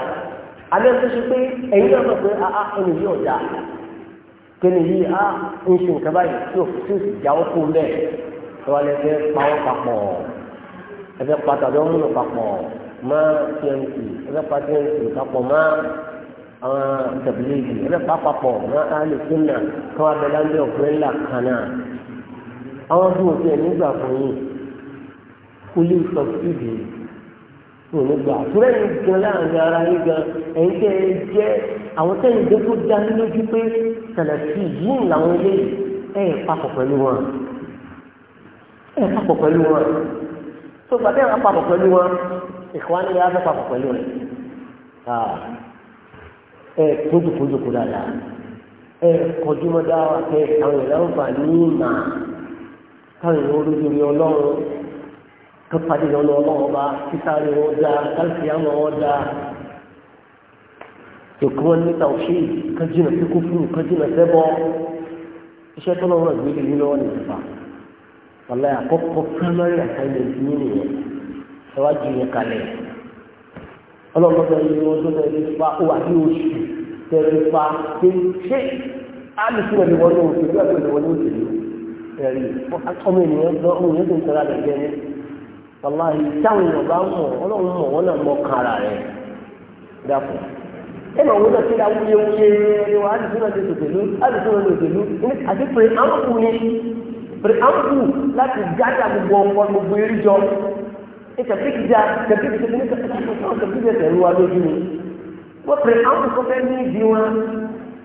alẹ́ tó ṣe pé ẹ̀yin náà sọ pé a ah, ah, ẹni yìí ọ̀dà kẹ́ni yìí a ah, ń ṣe nǹkan báyìí tí ó sì jáwọ́ kó lẹ̀ ẹ̀ wà lẹ́fẹ́ pawọ́ papọ̀ ẹ̀fẹ́ pàtàkì ọmọ Ma tmc ẹlẹ́pàá tmc papọ̀ ma, àwọn tẹ̀bílẹ́ẹ̀dì ẹlẹ́pàá papọ̀ má alẹ́sìnà kọ́ abẹ́láńdẹ́ ọ̀gbẹ́ńlá kànáà àwọn bí wọ́n ti ẹ̀ nígbà fún yìí kó lè sọ síbi òní gbà àtúrẹ́ yìí gan láàrin ara yìí gan ẹ̀yin tẹ́ ẹ jẹ́ àwọn tẹ́yìn jẹ́ kó dání lójú pé sẹ̀lẹ̀sì yìí làwọn ilé ẹ̀ papọ̀ pẹ̀lú wọn ẹ̀ papọ̀ pẹ̀lú wọn tó gbàdé àwọn papọ̀ pẹ̀lú ìkọ́wá nílé afẹ́ papọ̀ pẹ̀lú rẹ̀ ẹ kójúkójúkó dáadáa ẹ kọjúmọ́ dáwà kẹ àwọn ìlànà bá ní ìmà káwọn ìlú olójúri ọlọ́run tó padì lọ́nà ọlọ́run ọba títàrí wọn dá káàkiri àwọn wọn dá èkó wọn níta òṣè kájínà sí kófúrú kájínà sẹ́bọ iṣẹ́ tó lọ́wọ́ gbé lé lọ́wọ́ nìyẹn fà wàlẹ́ àkọ́kọ́ primary assignment yín nìyẹn ẹwájú yẹn kalẹ̀ ọlọ́mọdé yìí wọ́n tó lẹ́ẹ̀rí fa ó wà ní oṣù tẹ̀rí fa ṣe ṣe alùpùpù ẹ̀mí wọn ní oṣù bí ẹ̀mí wọn ní oṣù ẹ̀rí ọmọ ènìyàn lọ ọmọ ènìyàn tó ń tẹ̀ra rẹ̀ jẹ́ ní wàláhì táwọn èèyàn bá mọ̀ ọlọ́run mọ̀ wọn náà mọ̀ kára rẹ̀ dàpọ̀ ẹ mọ̀ wọn náà ti ra wúye wúye ẹni wọn alùpùpù ẹ̀mí òṣèlú alùpùpù ẹ̀mí òṣèlú àti pèrè àmùkù ni pèrè àmùkù láti gádà gbogbo ọkọ gbogbo eréjọ ìtẹ̀síkìjà tẹ̀síkìjà tẹ̀síkìjà tẹ̀rù wa lójú ni wọ́n pè àwọn tó fẹ́ ní ìdí wọn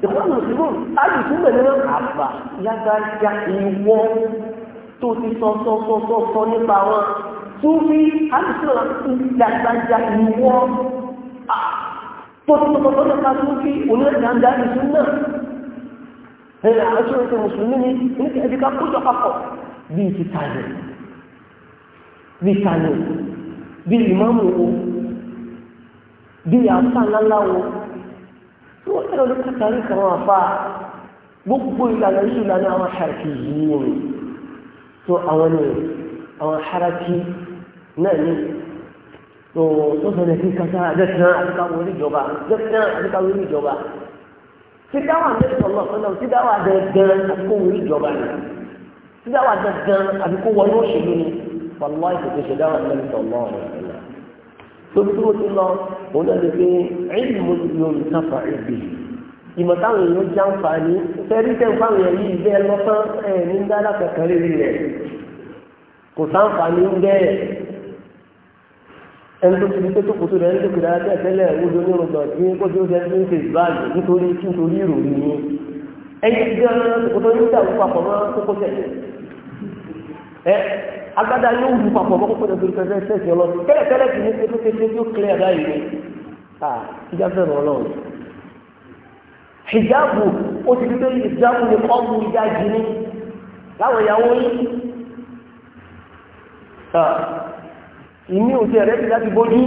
ìkọ́nù ìṣúgbọ́n alùpùpù ní àbá lágbájá ìwọ tó ti sọ sọ sọ sọ sọ nípa wọn tó fi alùpùpù lágbájá ìwọ ah, tó ti sọ sọ sọ nípa tó fi onídàáńdá ìṣúgbọ́n náà ẹ̀rọ àwọn ìṣòro ìṣòro mùsùlùmí ni ní ẹ̀dí ká kó jọ papọ̀ bíi ti tààdé bí kanu bí ìmáàmù wo bí àfa ńláńlá wo tí wọ́n tẹ̀lé olùkọ́ tàbí kan wọn àfa gbogbo ìlànà yìí ìlànà àwọn haraki yìí wọ̀ ní tó àwọn ní àwọn haraki náà ní tó tó sọ̀rọ̀ kí kasa dẹ́sán àdúgbò oníjọba dẹ́sán àdúgbò oníjọba tí dáwà ń dẹ́sán lọ sọ́nà tí dáwà dẹ́sán àdúgbò oníjọba ni tí dáwà dẹ́sán àdúgbò wọnú òṣèlú ni wàlúwà ìkòkò ṣe dáhùn ẹ̀mí sọ̀lọ́ ọ̀rọ̀ ìṣẹ̀lẹ̀ tóbi tó ti lọ òun náà lè pe ẹ̀yìn mo ti lo ìtàfà ìbì ìmọ̀ táwọn èèyàn já ń fa ni fẹ́rí tẹ̀ ń fáwọn èèyàn yìí bẹ́ẹ̀ lọ́sán ẹ̀ ní dáadáa kẹ̀kẹ́ rírì rẹ̀ kò sáǹfààní ń bẹ́ẹ̀ ẹni tó ti di pé tókòtò rẹ̀ ń tókè dáadáa tẹ́lẹ̀ ojú onírúgbọ̀n tí kò tí ó fẹ́ ń ṣe ìbáàgì nítorí nítorí ìròyìn ni ẹni tí ó ń tókòtò yóò dà agbada yóò wù papọ̀ bọ́ kókó lẹ́gbẹ̀ẹ́ fẹ́ fẹ́ fẹ́ ọlọ́run tẹ́lẹ̀ tẹ́lẹ̀ kì í ṣe tó ṣe tó kílẹ̀ àdá yìí à ìjà bẹ̀rẹ̀ ọlọ́run. hijabu ó ti dúpẹ́ hijabu ni ọ̀gbù ìjà jìnnì láwọn ìyàwó yìí. ìní òsì ẹ̀rẹ́ ti láti bójú.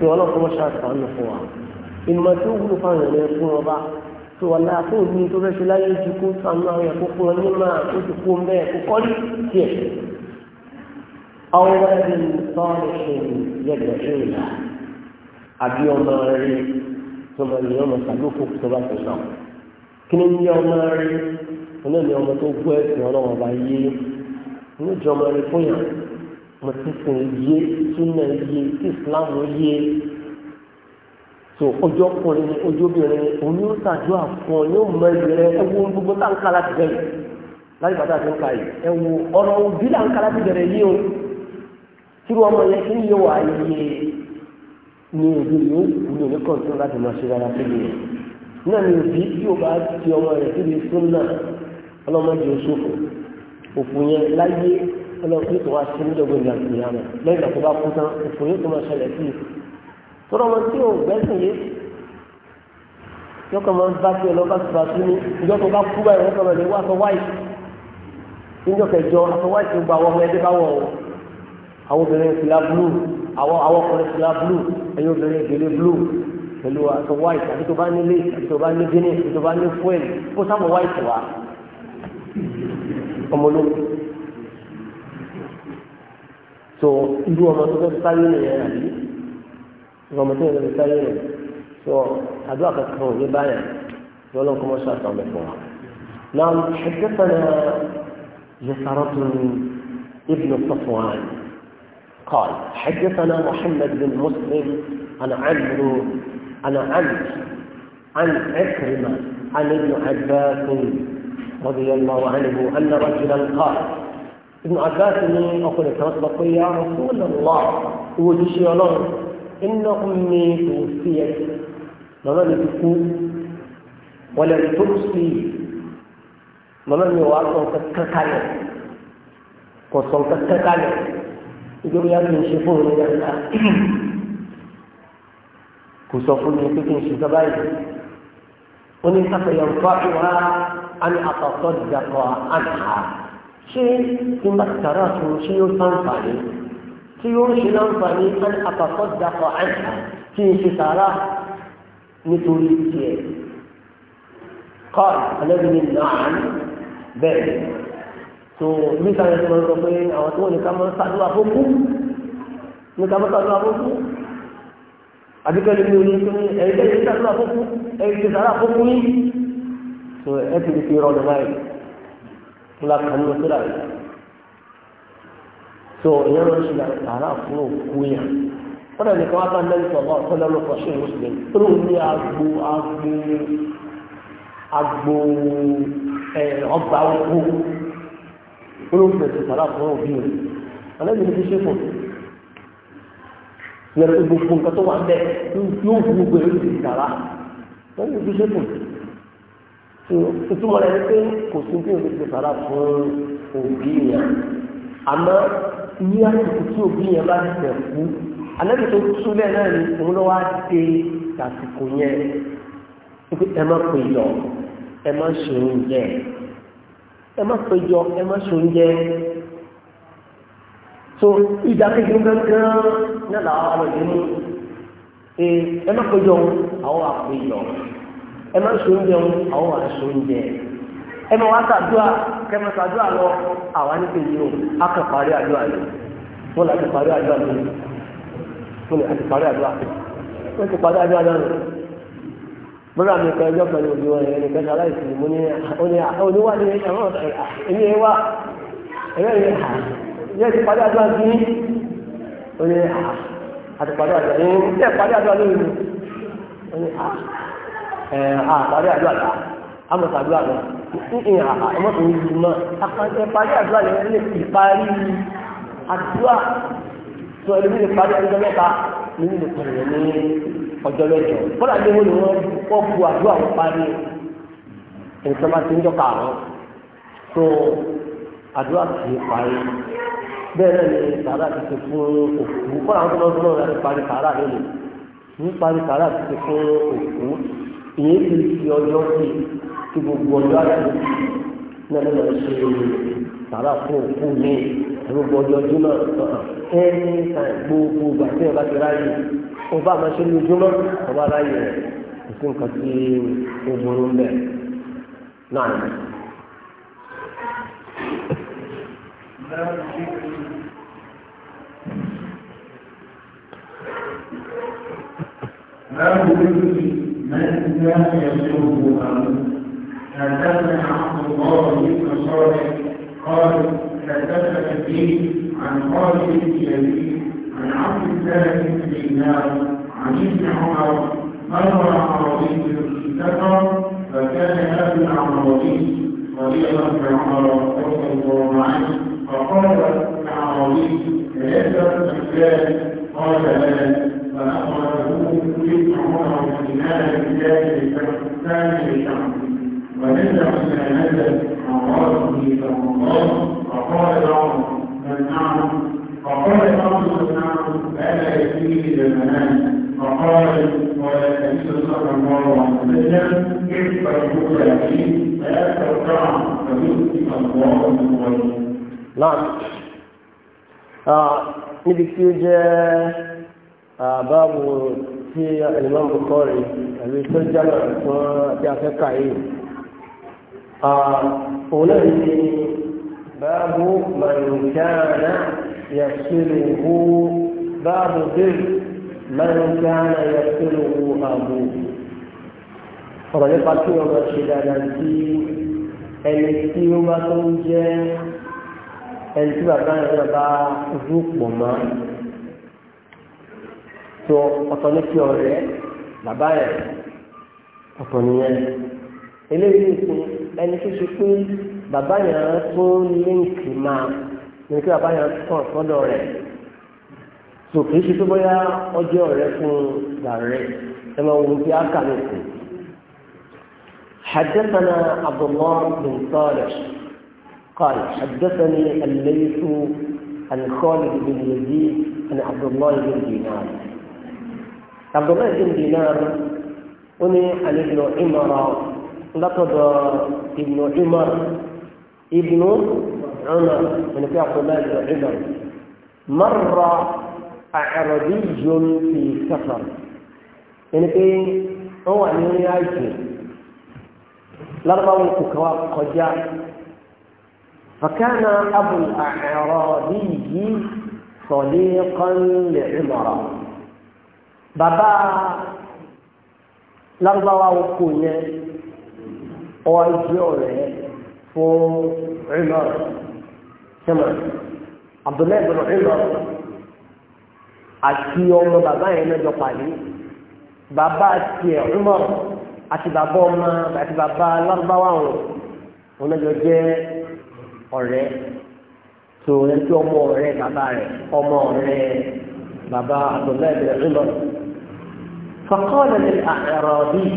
ìwọ ọlọ́run kọ́ ṣàtàn fún wa ìmọ̀ tí ó wúlò fáwọn ẹ̀rẹ́ fún ọba tó wà náà kó ní tó fẹ́ ṣe láyé ju kó sànú àwọn ẹ̀kọ́ kó ní máa kó ti kó ń bẹ́ẹ̀ kó kọ́rí tiẹ̀. àwọn ẹbí sọ́ọ̀rọ̀ ṣe yẹ̀dọ̀ ṣe ìlà àbí ọmọ rẹ tó máa yẹ ọmọ tàbí òkú tó bá tó náà. kí ni ní ọmọ rẹ oní ẹ̀mí ọmọ tó gbọ́ ẹ̀sìn ọlọ́wọ́ bá yé ní ìjọ rẹ fún yàn mo ti sìn yé súnà yé islam yé so ni, ọkùnrin ojú ni, òun yóò ṣàdúrà fún ọ yóò mọ ẹbí rẹ ẹ wo gbogbo tá n kala ti bẹ̀rẹ̀ láti bàtà tó ń ka yìí ẹ wo ọ̀rọ̀ òbí là ń kala ti bẹ̀rẹ̀ yìí o tírú ọmọ yẹn kí yóò wá yẹ ní òbí yóò wù ní kọ̀ọ̀tún láti máa ṣe rárá síbi yẹn náà ni, òbí tí o bá ti ọmọ rẹ síbi fún náà ọlọ́mọdé oṣooṣù òfò yẹn láyé ọlọ́mọdé tó wá sí níjọba ìgbà ìgbìyànjú lẹ́yìn tọ́rọ wọn tí òun gbẹ́sìn yé yọkọ̀ máa ń bá tí ọlọ́ba tó bá tún ní ìjọ tó bá kú báyìí wọ́n kọ̀ lè wá aṣọ wáyì níjọ kẹjọ aṣọ wáyì tó gba àwọn ọmọ ẹgbẹ́ bá wọ̀ ọ́ àwọn obìnrin fìlà blu àwọn ọkùnrin fìlà blu ẹ̀yin obìnrin gèlè blu pẹ̀lú aṣọ wáyì àti tó bá nílé àti tó bá ní gíní àti tó bá ní fúẹ̀lì kó sábà wáyì tó wá ọmọ olóko so irú ọmọ tó fẹ́ sáyé nìyẹn àbí ọmọ حدثنا جسارة ابن صفوان قال حدثنا محمد بن مسلم عن عمرو عن عمرو عن عكرمة عن ابن عباس رضي الله عنه أن رجلا قال ابن عباس أقول ترتبط يا رسول الله وجشي الله iná omi tó sí ẹ màmá mi ti kú wọlé tó sí màmá mi wà sọ kankan kalẹ̀ kò sọ kankan kalẹ̀ ìjọba yà kí n ṣe fún mi dáadáa kò sọ fún mi pé kí n ṣe sábà yìí ó ní sáfẹ̀yà tí yóò ṣe láǹfààní ẹni àpapọ̀ dàpọ̀ àìsà tí ń ṣe sàárà nítorí tiẹ̀. kọ́ọ̀lù alẹ́bìnrin ní náà bẹ́ẹ̀ tó níta yẹn tó máa ń sọ pé àwọn tó wọn ní ká máa ń sàdúrà fókú ní ká máa ń sàdúrà fókú àbíkẹ́lẹ́ mi ò ní pé ẹ̀rí tẹ́lẹ̀ ní sàdúrà fókú ẹ̀rí tẹ́lẹ̀ sàdúrà fókú yìí tó ẹ̀ ti fi rọrùn báyìí ńlá kan ní ó tó tó ìyẹn ló ń ṣe àrà fún òkú yẹn wọ́n dẹ̀ nìkan wá bá nẹ́bí sọ̀rọ̀ ọ̀tọ́lẹ́ ló kọ́ ṣéwù sí tó ń ní agbo agbo agbo ọgbà òkú ó ló ń bẹ̀rẹ̀ sí àrà fún òbí rẹ̀ ọ̀lẹ́bí ni kí ṣe fún yẹrẹ gbogbo nǹkan tó wà ń bẹ yóò fún gbogbo èrè sí ìdára lẹ́yìn ojú ṣe kùn tó ìtumọ̀ rẹ̀ ni pé kò sí bí òbí ti sàrà fún òbí yẹn àmọ́ ní àsìkò tí òbí yẹn bá tẹ̀ kú alẹ́bí tó tú bẹ́ẹ̀ náà ni òun lọ́wọ́ á dé àsìkò yẹn ẹ má pè yọ ẹ má ṣe oúnjẹ ẹ má pè yọ ẹ má ṣe oúnjẹ so ìdákejì gángan náà làwọn àlọ́jẹ́ mú ẹ má pè yọ àwọn àpè yọ ẹ má ṣe oúnjẹ àwọn àṣọ oúnjẹ ẹ má wá sàdúrà kẹ́mọ́ sàdúrà lọ àwọn ní kejì o a kàn parí àdúrà yìí wọ́n lè ti parí àdúrà yìí wọ́n lè ti parí àdúrà wọ́n ti parí àdúrà náà bọ́dà mi kan ẹjọ́ pẹ̀lú òbí wọn ẹni kẹta aláìsí mo ní oníwà ní ẹ̀rọ ẹ̀mí ẹ̀wà ẹ̀rọ ẹ̀yẹ yẹ ti parí àdúrà sí ó ní àti parí àdúrà ní ẹ̀ parí àdúrà lórí mi ó ní àparí àdúrà láà amọ̀tà àdúrà rẹ̀ ní àhà ẹ̀mọ́tò ń yìí mọ́ àkànṣe parí àdúrà rẹ̀ lè fi parí àdúrà tó ẹlẹ́mí lè parí ọjọ́ mẹ́ta nínú lè pẹ̀lú rẹ̀ ní ọjọ́ mẹ́jọ kọ́lá lé wọn ni wọ́n kọ́ bu àdúrà wọn parí nǹkan bá ti ń jọ́ka àwọn tó àdúrà ti parí bẹ́ẹ̀ náà ni sàrà ti ti fún òkú kọ́lá àwọn tó lọ́dún rẹ̀ parí sàrà rẹ̀ lè parí sàrà ti ti fún òkú ìyẹn ti fi ọjọ́ sí i kí gbogbo ọjọ́ àti náà lọ́wọ́ ṣe tààrà fún òkú mi gbogbo ọjọ́ jùmọ̀ ẹni táì gbogbo ìgbà tí ọba ti ráyè ọba àmọ́ ṣe lójúmọ́ ọba ráyè rẹ̀ kò sí nǹkan tí ó burú ń bẹ̀ náà. Báwo ló ń bí mẹ́rin ní àwọn ẹ̀ṣọ́ òkú àwọn حدثنا عبد الله بن صالح قال حدثنا الدين عن خالد بن يزيد عن عبد الله بن دينار عن ابن عمر مر عربي ذكر فكان هذا العربي صديقا بعمر رضي الله عنه فقال العربي ليس الاسلام قال لا فاخرجه ابن عمر من هذا البلاد الفتح náà níbi tí ó jẹ́ àbáwo tí ẹ̀lẹ́mọ̀ kọ́ rẹ̀ àbí tó jábọ̀ fún tí a fẹ́ kà yìí òun náà ní báàbù màlúkánà yàtúrùkú báàbù bíi màlúkánà yàtúrùkú àbò ọ̀rọ̀ nípa tí wọ́n máa ṣe dáadáa ẹni tí ó bá tó ń jẹ́ ẹni tí bàbá bá rú pọ̀ mọ́ tó ọ̀tọ̀ ní kí ọ̀rẹ́ bàbá rẹ̀ ọ̀tọ̀ nìyẹn eléyìí ẹni tó ṣe pé bàbá yẹn tó líǹkì máa ní kí bàbá yẹn rẹ̀ tó kìí ṣe tó bóyá ọjọ́ rẹ̀ fún gàrẹ́ ẹ máa wo a kà حدثنا عبد الله بن صالح قال حدثني الليث عن خالد بن يزيد عن عبد الله بن دينار عبد الله بن دينار أني عن ابن عمر لقد ابن عمر ابن عمر من يعني في عبد الله بن عمر مر أعربي في سفر يعني هو عن يوم lárúbáwò kò kàn wá kọjá fàkànà abul a'radi yìí sadiqan li Umara bàbá lárúbáwò kò yẹ ọjọ́ rẹ̀ fún Umara sẹ́mọ̀ abdullahi bin Umar àti ọmọ bàbá yẹn lọ́jọ́ pàdé bàbá tiẹ̀ Umar àti bàbá ọmọ àti bàbá lárúbáwá wọn wọn náà jọ jẹ́ ọ̀rẹ́ tó yẹ kí ọmọ ọ̀rẹ́ bàbá rẹ̀ ọmọ ọ̀rẹ́ bàbá Abdullahi bin Umar فقال للأعرابي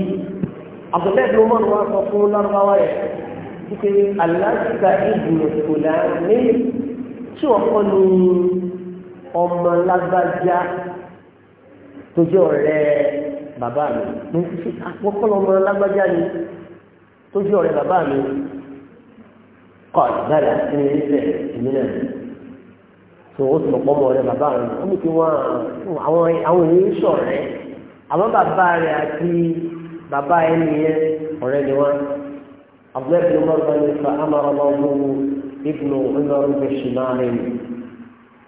عبد الله بن عمر وقفوا الأربعة ألست ابن فلان tí wọ́n kọ́ ní ọmọ lágbájá tó jẹ́ ọ̀rẹ́ bàbá mi wọ́n kọ́ lọ́mọ lágbájá ni tó jẹ́ ọ̀rẹ́ bàbá mi kọ́ àgbàdà sí ní ilẹ̀ ìlú náà tó o sì mọ̀ pọ́mọ ọ̀rẹ́ bàbá mi wọ́n mú kí wọ́n àwọn èèyàn sọ̀rẹ́ àwọn bàbá rẹ̀ àti bàbá ẹni yẹn ọ̀rẹ́ ni wọ́n abúlé bí wọ́n bá ní fa amara lọ́wọ́ ibnu ọlọ́run bẹ́ẹ̀ ṣì máa rẹ̀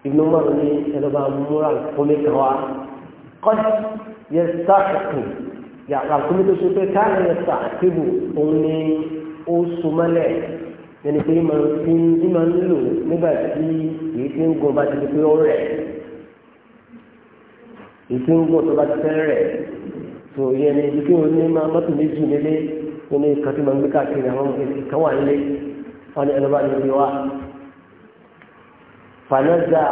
ibnu mọ́rún ní ẹlọ́ba múra kọ́mẹ́kọ́ wa yẹsàkìkù yàtàkùnmí tó ṣe pé káàlì yẹsàkìkù òun ni ó súnmọ́lẹ̀ ẹni pé ìmọ̀ ìmọ̀ ń lò nígbà tí èyí tí ń gun bá ti di pé ó rẹ̀ èyí tí ń gun tó ni ibi tí òun ní máa mọ́tò méjì nílé nínú ìkan ni فنزع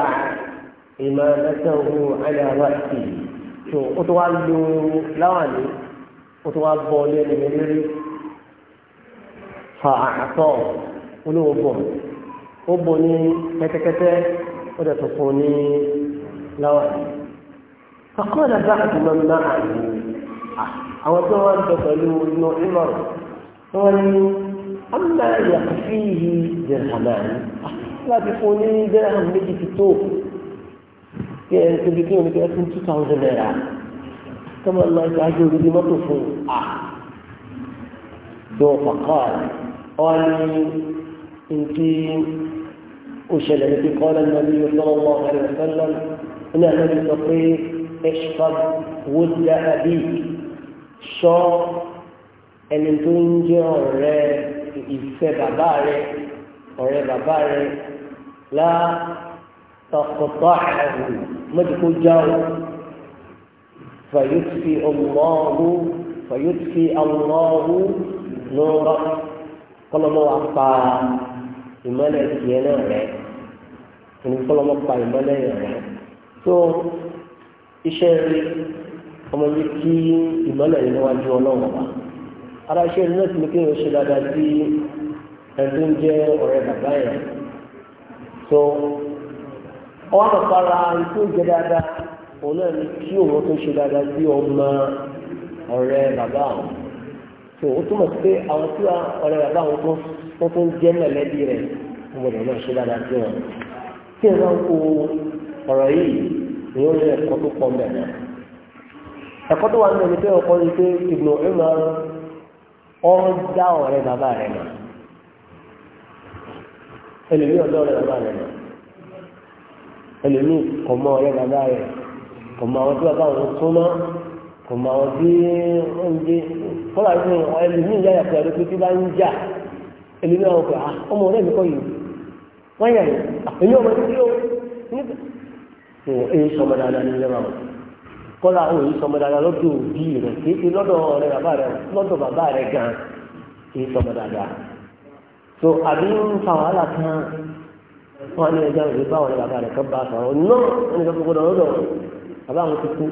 إمامته على رأسه tó o tó wá lo láwàní o tó wá bọ́ ọ lẹ́nu mi lérí fa àtọ̀ olówó bọ̀ ó bọ̀ ní kẹ́tẹ́kẹ́tẹ́ ó dẹ̀ tó fún ní láwàní. فقال بعض من معه àwọn tó wá ń bẹ pẹ̀lú inú ìmọ̀ràn wọn ni amma yàtọ̀ fíìhì dirhaman ah, láti fún ní dirham méjì tó kí ẹ tóbi kí ẹni kí ẹ fún two thousand naira kọ́mọ lọ ẹgbẹ́ ajé olùdí mọ́tò fún a tó fàkọ́ọ̀ wọ́n ní ntí òṣèlè ní kíkọ́ lẹ́nu nàbí yóò sọ̀rọ̀ wọ́n ọ̀hún ẹ̀rọ sẹ́lẹ̀ ní àná sọ pé ẹ̀ṣọ́ wọ́dà àbí sọ ẹni tó ń jẹ́ ọ̀rẹ́ ìfẹ́ bàbá rẹ ọ̀rẹ́ bàbá rẹ láà. تقطعه مجد جار فيطفئ الله فيطفئ الله نورك قال الله أعطى إيمانا كيانا يعني قال الله أعطى إيمانا يعني so iṣẹ́ rí ọmọ yìí kí ìmọ́lẹ̀ yìí níwájú ọlọ́run wa ara iṣẹ́ rí náà sì ní kí èèyàn ṣe dáadáa sí ẹni tó ń jẹ́ ọ̀rẹ́ bàbá yẹn so ọwọ́ àpapàrà ikú ìjẹ dáadáa òun náà ni kí òun tó ṣe dáadáa sí ọmọ ọ̀rẹ́ bàbá àwọn tó o túmọ̀ sí pé àwọn tí ọ̀rẹ́ bàbá àwọn tó wọ́n tó ń jẹ́ mẹ̀lẹ́bí rẹ̀ wọ́n gbọ́dọ̀ náà ṣe dáadáa sí wọn tí ẹ bá kó ọ̀rọ̀ yìí ni ó ní ẹ̀kọ́ tó pọ̀ mẹ́ta ẹ̀kọ́ tó wà nínú ẹni pé ọkọ̀ ni pé ìgbìmọ̀ ìmọ̀ ọ̀rọ̀ dá ọ̀rẹ́ bàbá rẹ̀ mọ̀ ẹlòmíì kò mọ ọ̀rẹ́ dada rẹ̀ kò mọ àwọn tí bàbá òun tó mọ́ kò mọ àwọn tí wọ́n ń gbé kọ́lá ní ẹlòmíì yáyà pé tí bá ń jà àwọn ah, ọmọ yìí yà yìí ah, ọmọ ó èyí sọmọ ní ilé sọmọ òbí kéèké bàbá bàbá gan èyí sọmọ wọn ní ẹja òde báwọn ní bàbá rẹ kan bá sọ̀rọ̀ náà ní sọ fún gbọ́dọ̀ lọ́dọ̀ bàbá ti kú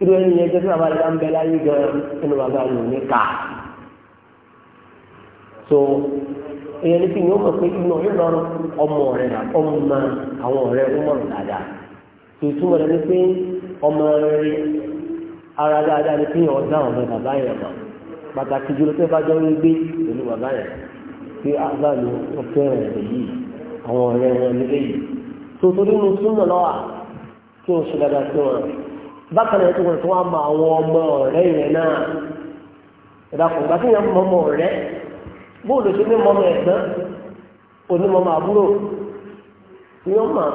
irú ẹni bàbá rẹ bá ń bẹ láyé gan ẹnu bàbá rẹ ò ní kà so èyàn ní kí ni ó mọ̀ pé inú ìlọrin ọmọ rẹ nà ọmọ àwọn ọ̀rẹ́ mọ̀ dáadáa tó túmọ̀ rẹ ní pé ọmọ rẹ ara dáadáa ní kíyàn àwọn ọ̀rẹ́ wọn nílé yìí tó torí mo súnmọ̀ lọ́wọ́ kí o ṣe dáadáa sí wọn bákan náà tó wọn tó wá mọ àwọn ọmọ ọ̀rẹ́ yẹn náà ìdàkùn gbàtí yẹn mọ ọmọ ọ̀rẹ́ bóòlù tó ní mọ́mọ́ ẹ̀gbọ́n onímọ̀mọ́ àbúrò ni wọ́n máa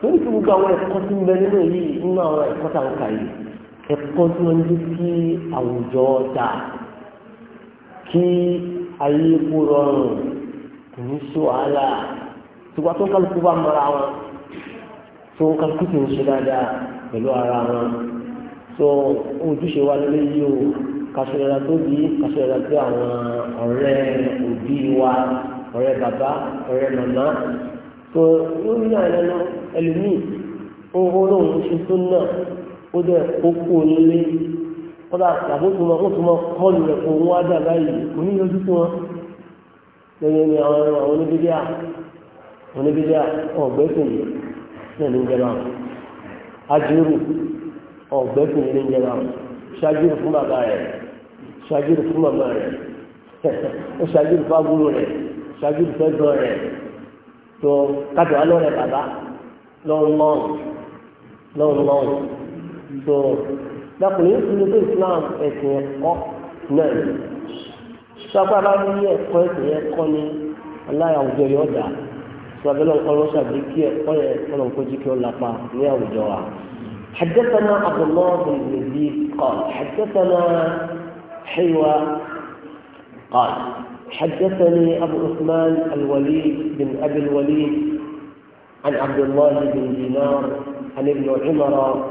lórí tí gbogbo àwọn ẹ̀kọ́ tí ń bẹ nínú yìí nínú àwọn ẹ̀kọ́ tá à ń kà yìí ẹ̀kọ́ tí wọ́n ṣùgbọ́n tó kálukú bá mara wọn tó kálukú ti ń ṣe dáadáa pẹ̀lú ara wọn tó ojúṣe wa lórí yìí o kàṣọ̀rọ̀dà tó bí kàṣọ̀rọ̀dà tó àwọn ọ̀rẹ́ òbí wa ọ̀rẹ́ bàbá ọ̀rẹ́ màmá tó lórí náà lẹ́nu ẹlòmíì ohun olóhùn ṣe tó náà ó dẹ̀ kókó nílé kọ́dà àbótú wọn kótó wọn kọ́ọ̀lù rẹ̀ kó wọ́n á dà báyìí oníyanjú tó wọn lẹ́yìn ni àwọn oníbíbí à oníbílẹ̀ ọ̀gbẹ́sìn náà ní ìjẹba àwọn ajírù ọ̀gbẹ́sìn ní ìjẹba àwọn ṣájírù fún bàbá rẹ̀ ṣájírù fún màmá rẹ̀ ó [laughs] ṣájírù fún àbúrò rẹ̀ ṣájírù fún ẹ̀gbọ́n rẹ̀ tó kájọ alọ́ rẹ̀ bàbá lọ́rùn lọ́rùn lọ́rùn lọ́rùn tó bá ní ẹ̀kọ́ ẹ̀sìn ẹ̀kọ́ ni aláyàwùjọ yóò dáa. سبحان الله شابكي قال كوجيكي ولا فا يا وجوا حدثنا عبد الله بن يزيد قال حدثنا حيوى قال حدثني أبو عثمان الوليد بن أبي الوليد عن عبد الله بن دينار عن ابن عمر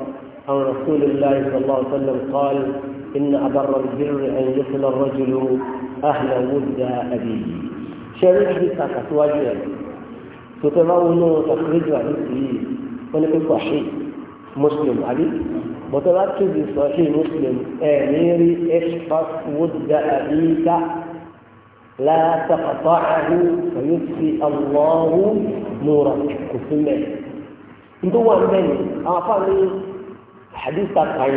عن رسول الله صلى الله عليه وسلم قال إن أبر البر أن يصل الرجل أهل ود أبيه شريك بساكة واجب tòtò máa wọnú ọ̀pẹ̀lẹ́jọ àdìsí yìí wọ́n ní pípọ̀ ṣe muslim àbí bọ́tọ̀ bá tóbi sọ ṣe muslim ẹ̀ ní rí ẹ̀ṣfàwọ́dà àbíká látàkàtà àhú pẹ̀lú ti àwọ̀ọ́hù nùrọ̀ kò sí mẹ́. nítorí wọn bẹ́ẹ̀ ni àwọn afá mi àdìsá kàn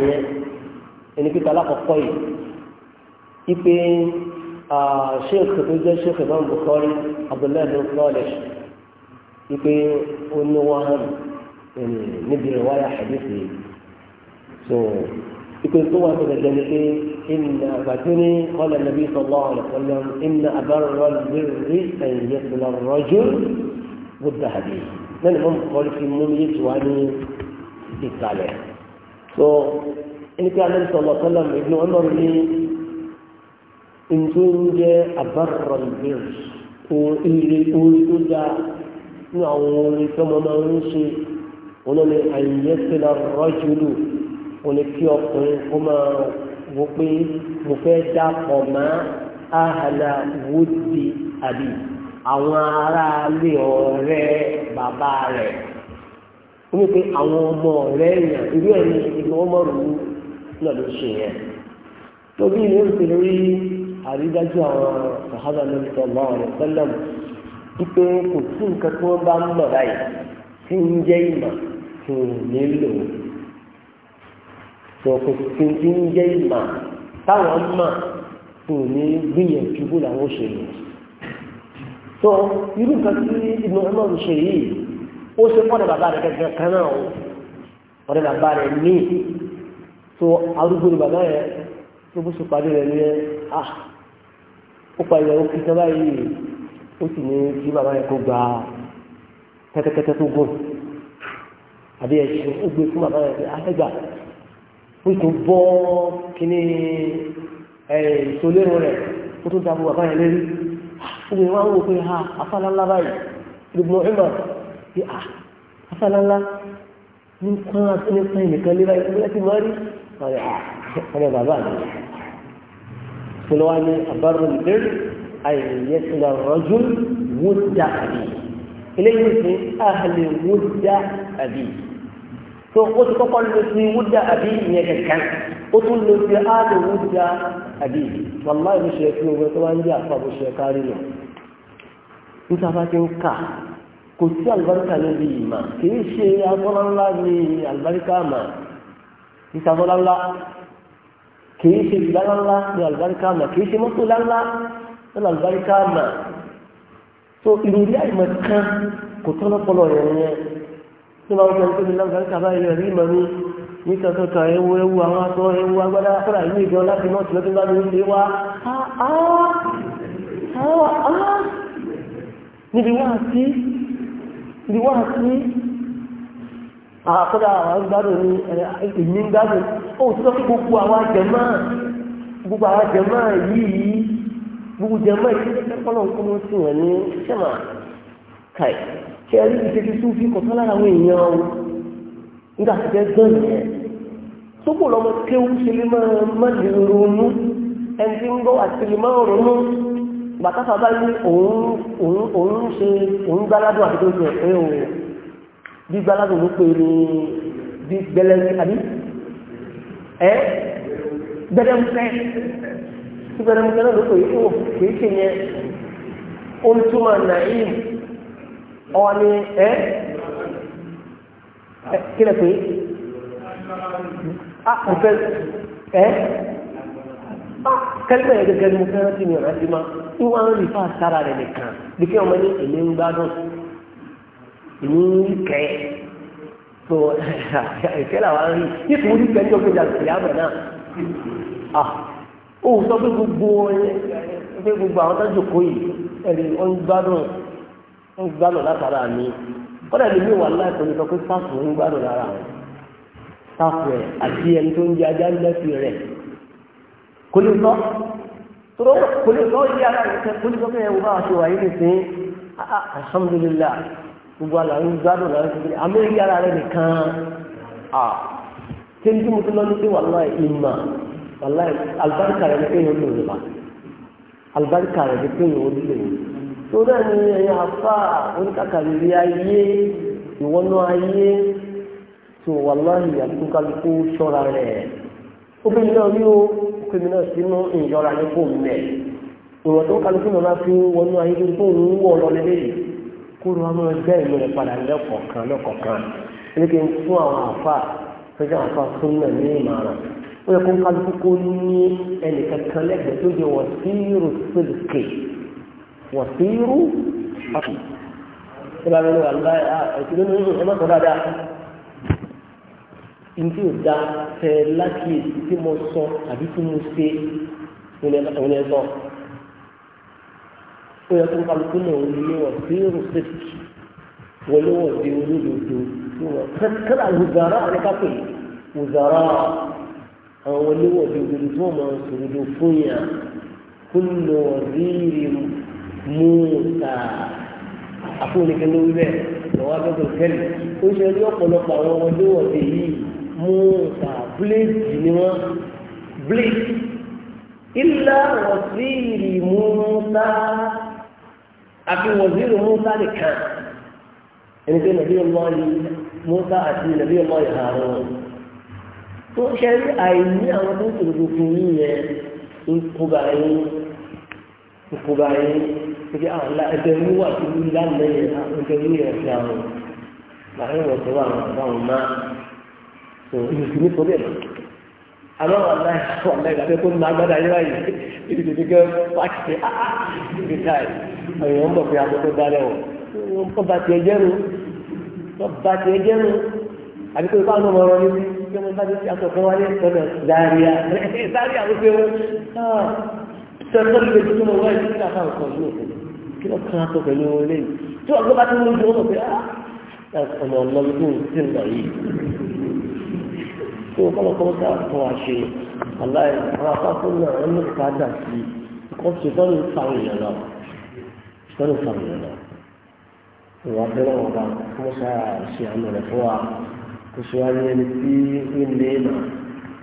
ẹni pípa alákọ̀ọ́kọ́ yìí ipe ṣéèkì ah, tó jẹ́ ṣéèkì náà Bukhari Abdullahi bin Salih wípé ó ní wọ́n níbi rẹ̀ wáyà àdéhùn so wípé tó wà tó gẹ́gẹ́ ni pé ìnà àgbàdúrí kọ́lẹ̀ nàbí sọ̀lọ́ ọ̀rọ̀ ìnà àbárọ̀ lérí ẹ̀yẹ sọ̀lọ́ rọ́jò gbọ́dọ̀ àdé lẹ́nu mọ́ kọ́lé fi mú mi yéṣu wá ní ìkàlẹ̀ so ẹni pé alẹ́ sọ̀lọ́ sọ́lọ́ ìbínú ọlọ́run ní ìtúnjẹ àbárọ̀ lérí ohun ìrè ohun tó dáa. nínú àwọn orin tí ọmọ máa ń ṣe olóòlì àyẹ̀sẹ̀lá rọ́júlù òní kí ọkùnrin kó máa wọ pé mo fẹ́ dàpọ̀ mọ́ àhàlà wúdi àbí àwọn aráalé ọ̀rẹ́ bàbá rẹ̀ wọ́n ní pé àwọn ọmọ ọ̀rẹ́ èèyàn irú ẹ̀ ní ìgbà wọ́n náà ló ṣe yẹn torí ní ó ń àrídájú àwọn sàhábà lórí sọ̀rọ̀ àwọn ọ̀rẹ́ sẹ́lẹ̀mù wípé kò sí nǹkan tí wọ́n bá ń lọ báyìí tí ń jẹ́ ìmọ̀ tí ò ní lò tó kò sí tí ń jẹ́ ìmọ̀ táwọn mọ̀ tí ò ní gbìyànjú bó làwọn ṣe lò tó irú nǹkan tí ìmọ̀ ọmọ mi ṣe yìí ó ṣe fọ́nà bàbá rẹ̀ gẹ́gẹ́ kan náà o fọ́nà bàbá rẹ̀ ní tó arúgbó ni bàbá yẹn tó bó ṣe pàdé rẹ̀ ní ẹ́ ah ó pa ìyàwó kìkan báyìí ó sì ní kí bàbá yẹn kó gba kẹ́tẹ́kẹ́tẹ́ tó gùn àbí ẹ̀sìn ó gbé fún bàbá yẹn pé àfẹ́gbà ó tún bọ́ kíní ìṣòlérò rẹ̀ ó tún dàbò bàbá yẹn lérí obìnrin wa ń wò pé ha afálálá báyìí ìdìbò ìmọ̀ pé ha afálálá ní kán àti ní kan ìnìkan lé báyìí ìpínlẹ̀ ti mọ́rí ọ̀rẹ́ bàbá mi. Sọlọ́wá ní àbárò lérè àìyẹ́sílẹ̀ rọ́jú wúdà àbí eléyìí ti àhàlẹ̀ wúdà àbí tó o ti kọ́kọ́ lọ sí wúdà àbí ìyẹn kankan ó tún lọ sí àhàlẹ̀ wúdà àbí wàláì bó ṣe fi òwe tó wá ń jẹ́ àfa ṣe kárí lọ níta bá ti ń kà kò sí àlùbáríkà níbi ìmà kì í ṣe afọláńlá ní àlùbáríkà mà níta kì í ṣe ìdáńlá ní àlùbáríkà mà kì í ṣe mọ́tò láńlá lọ́la àlùbáríkà mà tó ìrírí àìmọ̀ kan kò tọ́ lọ́pọ̀lọ́ yẹn yẹn tí wọ́n sọ pé nílá àlùbáríkà bá yẹ rí mọ̀ ní ní kàtọ́kà ewu ewu àwọn aṣọ ewu agbádá kọ́ra ìlú ìjọ láti náà tìlọ́tí bá lórí ilé wa níbi wá sí níbi wá sí àkọ́dá àwọn gbádùn ní ìmí gbádùn ó ti sọ pé gbogbo àwọn àjẹmọ́ gbogbo àwọn àjẹmọ́ yìí gbogbo jẹmọ ìdílé kọlọ nkọmọ sí wọn ní sẹmà káì kí ẹ rí ìṣèjú tó fi kọtọ lára àwọn èèyàn o nígbà tó fẹ́ gbọn yẹn sókò lọmọ kéwú ṣe lè má má lè ronú ẹni tí ń gbọ́ àti lè má ronú bàtàkà bá ní òun òun òun ṣe òun gbáládùn àti ṣe ẹ o bí gbáládùn ló pè ní bí gbẹlẹ àbí ẹ gbẹdẹmùsẹ síbẹ̀rẹ̀ mú kẹ́lẹ́ lóko yìí wò kìí ṣe yẹn ó ń túmọ̀ nàìm ọ̀wá ni ẹ́ kílẹ̀ pé a ah, kò fẹ́ ẹ́ ah, kẹ́lẹ́ yẹn gẹ́gẹ́ ni mo fẹ́ràn sí mi ọ̀rẹ́ ti ma ìwà ń rí fáà sára rẹ̀ nìkan bí kí ọmọ ní èmi ń gbádùn èmi ń kẹ́ so [laughs] ìfẹ́ làwọn rí yìí tó ń rí kẹ́ ní ọgbẹ́jà ìyá àgbà náà. Ah ó sọ pé gbogbo pé gbogbo àwọn tó jòkó yìí ẹ̀rí wọ́n ń gbádùn ń gbádùn látara mi kọ́dà lè mí wà láìpẹ́ ní sọ pé sáfù ń gbádùn lára wọn sáfù ẹ̀ àti ẹni tó ń jẹ ajá lẹ́sìn rẹ̀ kò lè sọ tóró kò lè sọ yí ara rẹ̀ kò lè sọ pé ẹ̀wọ̀n bá a ṣe wà nìsín ah, ah, alhamdulillah gbogbo àlà ń gbádùn lára ṣe pé àmì ìyára rẹ̀ nìkan à ah, tẹ́ńtì mo ti lọ́ wàláì àlùbáríkà rẹ̀ ní kéèyàn lò yìí wá àlùbáríkà rẹ̀ ní kéèyàn ó lò yìí tó náà ní ẹ̀yìn afá oníkàkàrí ayé ìwọ́nú ayé tó wàláì àtúkálukú ṣọ́ra rẹ̀ obìnrin náà rí o obìnrin náà sínú ìyọra ní kò mẹ́ ìwọ̀n tó kálukú náà fi wọnú ayé tó tó ń wọ̀ lọ lélẹ́yìí kó ló máa jẹ́ ìlú rẹ̀ padà lẹ́kọ̀ọ̀kan lẹ́kọ̀ọ̀kan ní ó yẹ kó ń kálukú kó ní ẹnì kankan lẹ́gbẹ̀ẹ́ tó jẹ wọ̀síìrù sílùkì wọ̀síìrù ọ̀kì tó bá mẹ́rin wàlúwà ẹ̀sìn lónìí nínú ẹ̀mọ́ sọ dáadáa ntí ò da tẹ lákìyèsí tí mo sọ àbí tí mo ṣe òun ẹ sọ ó yẹ kó ń kálukú náà ó ní wọ̀síìrù sílùkì wọlé wọ̀síìrù lódodo kẹ́kẹ́ àwùzàrà àti kápẹ́ wùzàrà àwọn oníwọ̀ gbogbo tó mọ̀ sòdodo fún yà kúlò rírì mú ta àfúnikẹ́ ló wíwẹ̀ lọ́wọ́ abẹ́tò kẹ́lẹ̀ ó ṣe ní ọ̀pọ̀lọpọ̀ àwọn oníwọ̀ tè yìí mú ta bléèdì ni wọ́n bléèdì ilá wọ̀sírì mú ta àfi wọ̀sírì mú ta nìkan ẹni pé nàbí ọmọ yìí mú ta àti nàbí ọmọ yìí hàn án tó ṣe rí àìní àwọn tó ń tèrè gbogbo yìí yẹn nkóba yìí nkóba yìí ṣe àwọn ah, ẹgbẹ̀rún wà tó ń lálẹ́ yẹn ẹgbẹ̀rún ah, yẹn fi àwọn màá wọ̀ tó wà àwọn ọmọ tó ìrìsì ní kóbẹ̀ lọ. àmọ́ wà láì wà láì lábẹ́ kó máa gbádà yíra yìí ibi tètè gẹ́ pàṣẹ pé áá ibi táì ọ̀yàn ń bọ̀ pé mo bá dé sí aṣọ kan wáyé sọ́dọ̀ dáríà dáríà ló pé wọ́n sọ́dọ̀ ah, lè tó mọ̀ wáyé sí àfa nǹkan yìí òkú kí wọ́n tó pẹ̀lú ilé yìí tí wọ́n gbọ́ bá tó lójú wọn pé ọ̀nà ọlọ́dún sí ń lọ yìí tí wọ́n kọ́ lọ́kọ́ sá fún wa ṣe aláì àwọn afáfún náà wọ́n ní ìpadà sí kọ́ ṣe tọ́nu fáwọn èèyàn lọ tọ́nu fáwọn èèyàn lọ ìwà bẹ́ẹ̀ wọn bá kọ́ sáà ṣe àmì rẹ̀ fún wa kò ṣe wá ní ẹni tí ń lé mà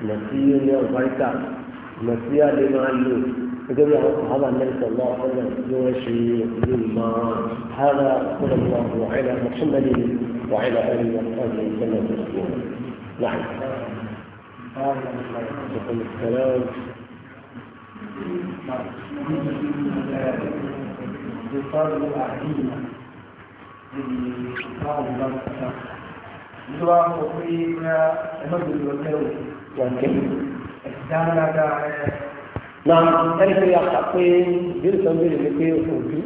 mà tí ó ní ọ̀gbáríkà mà tí a lè máa lò gẹ́gẹ́ bí àwọn sàhábà náà sọ̀rọ̀ ọ̀fẹ́lẹ̀ tí wọ́n ṣe ìlú ìmọ̀ hàrà ọ̀pọ̀lọpọ̀ wàhálà mọ̀ṣẹ́mẹ́lì wàhálà ẹ̀rí ọ̀pọ̀lọpọ̀ ìṣẹ̀lẹ̀ ọ̀pọ̀lọpọ̀ náà. السلام بفضل أهلنا لبعض الأشخاص ìjọba kò pé ní ẹgbẹ́gbẹ̀rún lọ́tẹ́rù wà ní dáadáa rẹ̀. na ẹni pé yàtọ̀ pé ìbéèrè tó ń béèrè ni pé òbí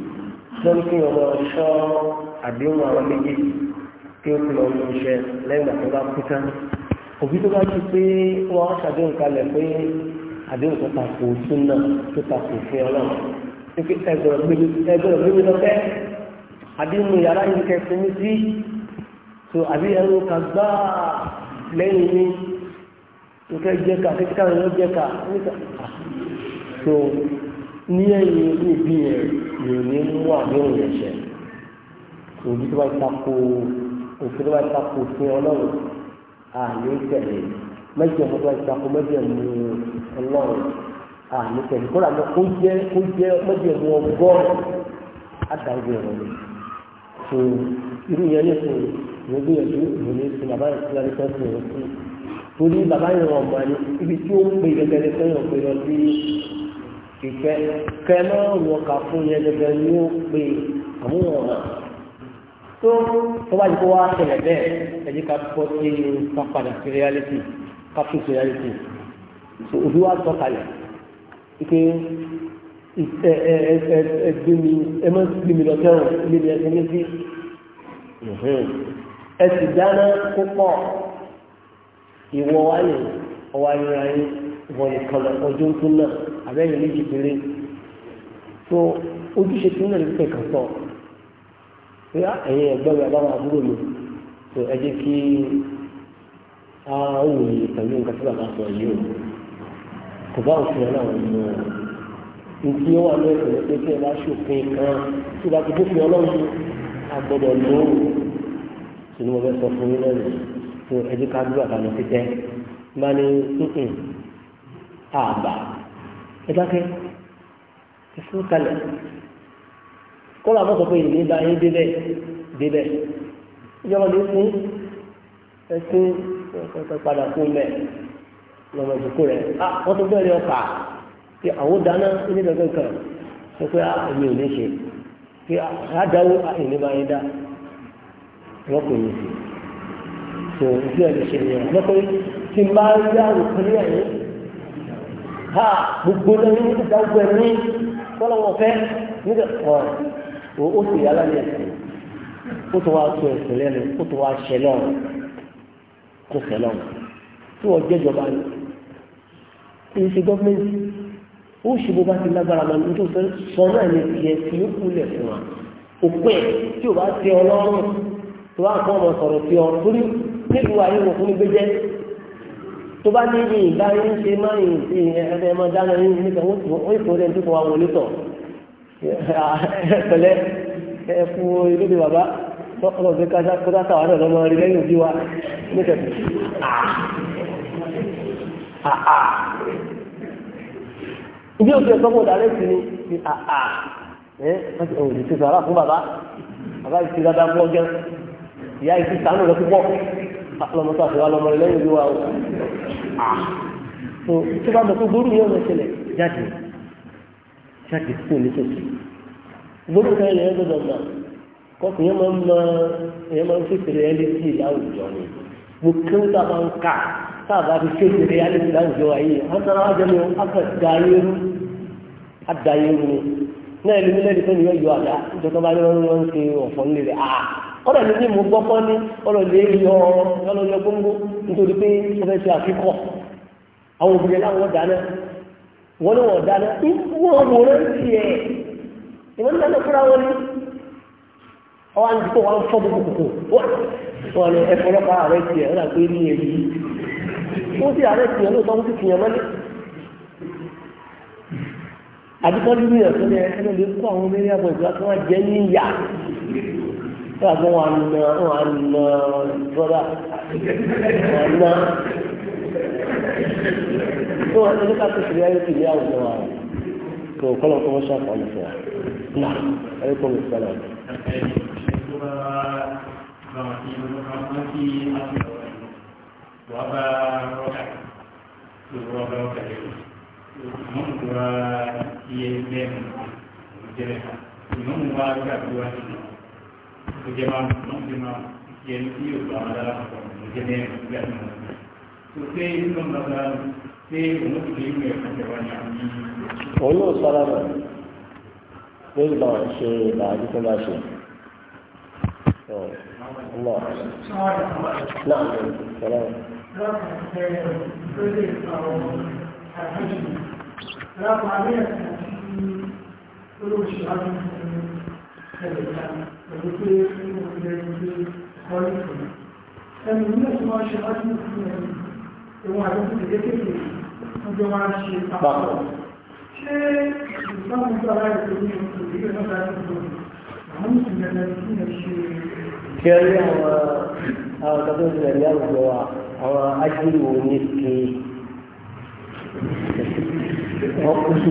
lórí kí ọmọ ṣọ́ àdéhùn àwọn méjèèjì kí ó lọ mú iṣẹ́ lẹ́yìn àti bá kú tán òbí tó bá ti pé wọ́n ṣàdéhùn kalẹ̀ pé àdéhùn tó takò sún náà tó takò fún ọlọ́run ẹgbẹ̀rún mímí lọ́fẹ́ àdéhùn yàrá yìí kẹsìn so àbí ẹrù kan gbá lẹ́yìn ní nǹkan jẹ́ka kíkà ló jẹ́ka so ní ẹ̀yìn níbi yẹn yóò ní mú àdéhùn yẹn ṣẹ òbí tó bá tako òfin tó bá tako òfin ọlọ́run àní tẹ̀lé mẹ́jọ tó bá tako mẹ́jọ mú ọlọ́run àní tẹ̀lé kó lànà kó jẹ́ kó jẹ́ mẹ́jọ mú ọgọ́rùn-ún àtàwọn ìrọ̀lẹ́ so irú yẹn ní sọ̀rọ̀ mo gbìyànjú mo ní sin bàbá yẹn sílẹ̀ nípa ẹ̀sìn rẹ̀ sí torí bàbá yẹn wọ̀ mọ́ ni ibi tí ó ń pè gẹ́gẹ́ ní sẹ́yìn òpè lọ sí ìfẹ́ kẹ́ máa ń wọ kà fún yẹn gẹ́gẹ́ ní ó pè àmúwọ̀n náà tó tó bá yẹ kó wá ṣẹlẹ̀ bẹ́ẹ̀ ẹ ká bọ́ sí ká padà sí reality ká fi sí reality òbí wa sọ kalẹ̀ ike ẹ ẹ ẹ ẹ gbé ẹ má gbé lọ sẹ́wọ̀n ilé ẹ ẹ sì dáná púpọ̀ ìwọ wa lè ọwọ́ ayọ̀ra yín wọ́n lè kọlọ̀ ọjọ́ tó náà abẹ́yẹn méjì péré tó ojúṣe tó náà lè kẹ̀kẹ́ sọ pé ah, ẹ̀yin ẹ̀gbọ́n mi àbáwọn àbúrò mi tó ẹ jẹ́ kí a wòye pẹ̀lú nǹkan tí bàbá sọ yìí o kò bá òfin náà wọ̀ nínú rẹ̀ nti wọn lọ ìpínlẹ̀ pé kí ẹ bá ṣòfin kan tí bá ti bófin ọlọ́run agbọ́dọ̀ lóòrùn sínú wọn bẹ sọ fún yín lẹ́nu tó ẹjẹ ká dúró àtàlù títẹ bá ní nǹkan àbà ẹ dákẹ́ ẹ fún kalẹ̀ kọ́lá bọ́ sọ pé ìdílé bá yín débẹ̀ débẹ̀ ìjọba ló fún ẹsìn padà fún mẹ lọ́mọ ìdókò rẹ̀ ah, wọ́n tó bẹ̀rẹ̀ ọkà pé àwọn dáná ilé kan sọ pé àmì ah, ò ní ṣe pé àdáwó ah, àìní bá yín dá wọ́n kò ní sí so ojú ẹ̀ lè ṣe ìyẹn lọ́pẹ́ tí n bá rí àròkọ ní ha gbogbo lẹ́yìn ní ìdá gbogbo ẹ̀mí tọ́lọ́wọ́ fẹ́ nígbà ọ̀ ó sì yálà ní ẹ̀sìn ó tó wá tó ẹ̀sìn lẹ́nu ó tó wá ṣẹ lọ́rùn kó fẹ́ lọ́rùn tí wọ́n jẹ́jọba ní kìí ṣe gọ́ọ̀mẹ́ntì ó ṣe bó bá ti lágbára máa ní tó fẹ́ sọ náà ní tiẹ̀ tí ó kúlẹ̀ fún wa òpin tí ò bá tẹ ọlọ́run tó wá nǹkan ọmọ sọ̀rọ̀ sí ọ torí nílùú ayé wò fún gbé jẹ́ tó bá ní ní ìgbà yín ṣe má yìn ẹgbẹ́ ẹmọ dáná yín níta wọ́n ti wọ́n ìfowó lẹ́nu tó kọ́ wa wọlé tọ̀ pẹ̀lẹ́ ẹ fún ilé bàbá tọ́kọ̀lọ́ bí kájá kódà táwa náà lọ́mọ rí lẹ́yìn òbí wa níkẹ̀kù ibi òkè sọ́kò dàrẹ́ sí ni ti àà ẹ́ wọ́n ti ọ̀rọ̀ ìṣèṣọ́ àrà fún bàbá bàbá ìṣèṣọ́ fún ọjọ́ ìyá yìí ti sànù lọ púpọ̀ lọmọtò àtiwá lọmọ rẹ lẹ́yìn olúwa ah. So tó tó bá mọ̀ pé gbórú yóò lọ sílẹ̀ jáde jáde kú nítòsí gbórú kan yẹn gbọ́dọ̀ mọ̀ kọkù yẹn máa ń mọ yẹn máa ń fèsèrè ẹni sí láwùjọ ni mo kéwù tá a máa ń kà tá a bá fi fèsèrè ẹni sí láwùjọ ayé wọn tẹ́lá wá jẹun afẹ́ dayéru adayéru náà ẹni mílẹ̀ nípa ni yóò yọ àdá ìjọba yẹn wọn ń ṣe ọ̀fọ̀ nílẹ̀ ah ọ̀rọ̀ ní bí mo gbọ́ kọ́ ní ọ̀rọ̀ lè yọ ọ̀rọ̀ yọ gbóngbó nítorí pé ó fẹ́ ṣe àfikọ́ àwọn obìnrin láwọn dáná wọ́n ní wọ́n dáná wọ́n wò ó ti ẹ̀ ìwọ́n ní dáná fúnra wọn ni ọwọ́ àti tó wọ́n fọ́ gbogbo kòkò wọ́n ní ẹ̀fọ́lọ́pàá ààrẹ ti ẹ̀ ọ̀rọ̀ àgbé ní èyí ó sì ààrẹ ti ẹ̀ lóòótọ́ ó sì fi hàn mọ́lẹ̀ àdìpọ́n lórí ẹ̀sọ́ ni ẹ̀ yóò àgbọn wà nà wà nà brọdà wà nà tó wà nínú ká tẹsí ayé tìlí àwùjọ wa tó kọlọ kọmọ ṣàkọ ọmọ fún wa nà ayé kọ mi sọlọ. Wàbá rọ́kà tó rọ́bà rọ́kà yẹn. Ìmọ̀ nǹkan wa yẹ bẹ́ẹ̀ mọ̀ jẹ́rẹ̀ ká tó jẹ́ máa ń jẹ́ máa yẹ ní yóò bá wọn dára pọ̀ ló jẹ́ mẹ́rin nígbà tí wọ́n ti tó pé nínú bàbá pé òun ti lè mú ẹ̀ka jẹ̀wá ní àmì. òun yóò sára rẹ̀ pé ìgbà wọn ṣe ìgbà àti tó bá ṣe. Náà, sọ̀rọ̀. Láàpù àríyànjú olóòṣèlú àti ìṣẹ̀lẹ̀ ìlànà pẹ̀lú àwọn ìsìnkẹ́ lẹ́yìn tí wọ́n ṣe kí ẹ rí àwọn àwọn tó ń ṣẹlẹ̀ ní àwùjọ wa àwọn ajínigbò wo ní ké wọ́n kú sí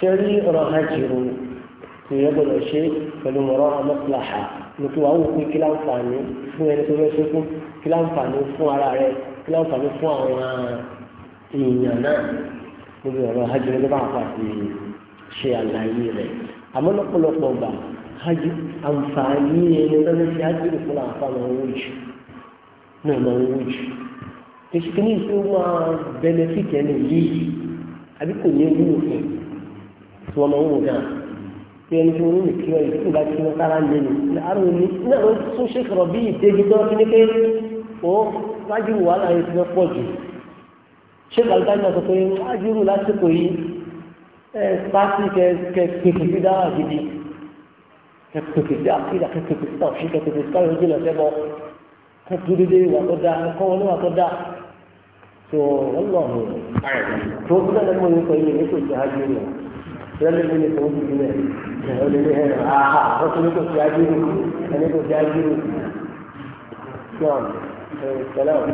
ṣẹ́rí ọ̀rọ̀ hajjìrò kò yẹ gbọ́dọ̀ ṣe pẹ̀lú ọ̀rọ̀ ọmọkùnláhà ní kí wàá wò pé kí láǹfààní fún ẹni tó fẹ́ ṣekú kí láǹfààní fún ara rẹ kí láǹfààní fún àwọn èèyàn náà níbi ọ̀rọ̀ hajjìrò ló bá pàṣẹ ṣe àlàyé rẹ̀ àmọ́ lọ́pọ̀lọpọ̀ gbà àǹfààní ẹni lọ́dún sí hajjìrò fún àǹfààní owó jù náà máa ń wó jù tí wọ́n máa ń wò náà tí ẹni tí wọ́n ní kí wọ́n ìsìn bá kí wọ́n sára lé ní àrùn òní náà ó tún ṣe kọ̀rọ̀ bí ìdégi tó ti ní pé ó wájúrù wàhálà yẹn ti fẹ́ pọ̀ jù ṣé kàlùkà náà sọ pé wájúrù lásìkò yìí ẹ pàṣẹ kẹ kẹ pèsè sí dáhà gidi kẹ pèsè sí àkìlà kẹ pèsè sí tàwọn kẹ pèsè sí káyọ̀ jìnà sẹ́bọ kẹ tó dédé wà tó dáa kọ́ wọn ní wà tó dáa tó wọ́n lọ́ọ̀ tó bí lọ́lẹ́ mi ni tòun ti lẹ̀ ọ̀lẹ́ mi hẹ́n aha ọ̀tún ní kò fi ajírù ẹni kò fi ajírù náà ṣẹlẹ̀ ọ̀.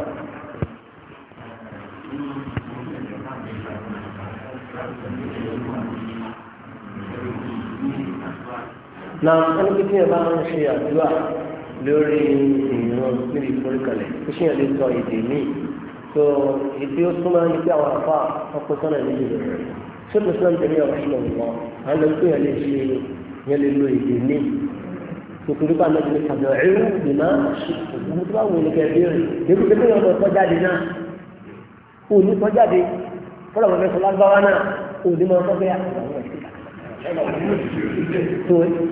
na ẹni pé tí ẹ bá ń ṣe àdúrà lórí ìran níbi ìforíkalẹ̀ ó ṣì yàn lè sọ èdè míì tó èdè ó súnmọ́ ní àwọn àfa ọkọ̀ sọ́nà méjì rẹ̀ sọ́dọ̀ sọ́dọ̀ tẹ̀lé ọ̀ṣun ọ̀gbọ́n àwọn ọ̀gbọ́n yẹn lè ṣe yẹn lè lo èdè ní nítorí pé àmọ́tí ní kàdọ̀ ẹ̀rú ìmọ̀ ọ̀gbọ́n tó bá wù ní kẹ́ẹ̀ bíi rẹ̀ nígbà tó yọ ọmọ ẹ̀kọ́ jáde náà kò ní kọ́ jáde fọlọ́ mọ̀ mẹ́sàn-án lágbára náà kò ní mọ̀ ọkọ́ bẹ́yà tó ẹnu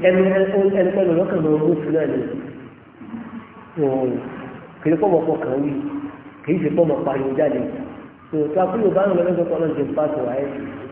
ẹnu pẹ̀lú lọ́kàn mọ̀ ọgbọ́n náà ni kì pọ̀ mọ̀ pọ̀ kàn wí kì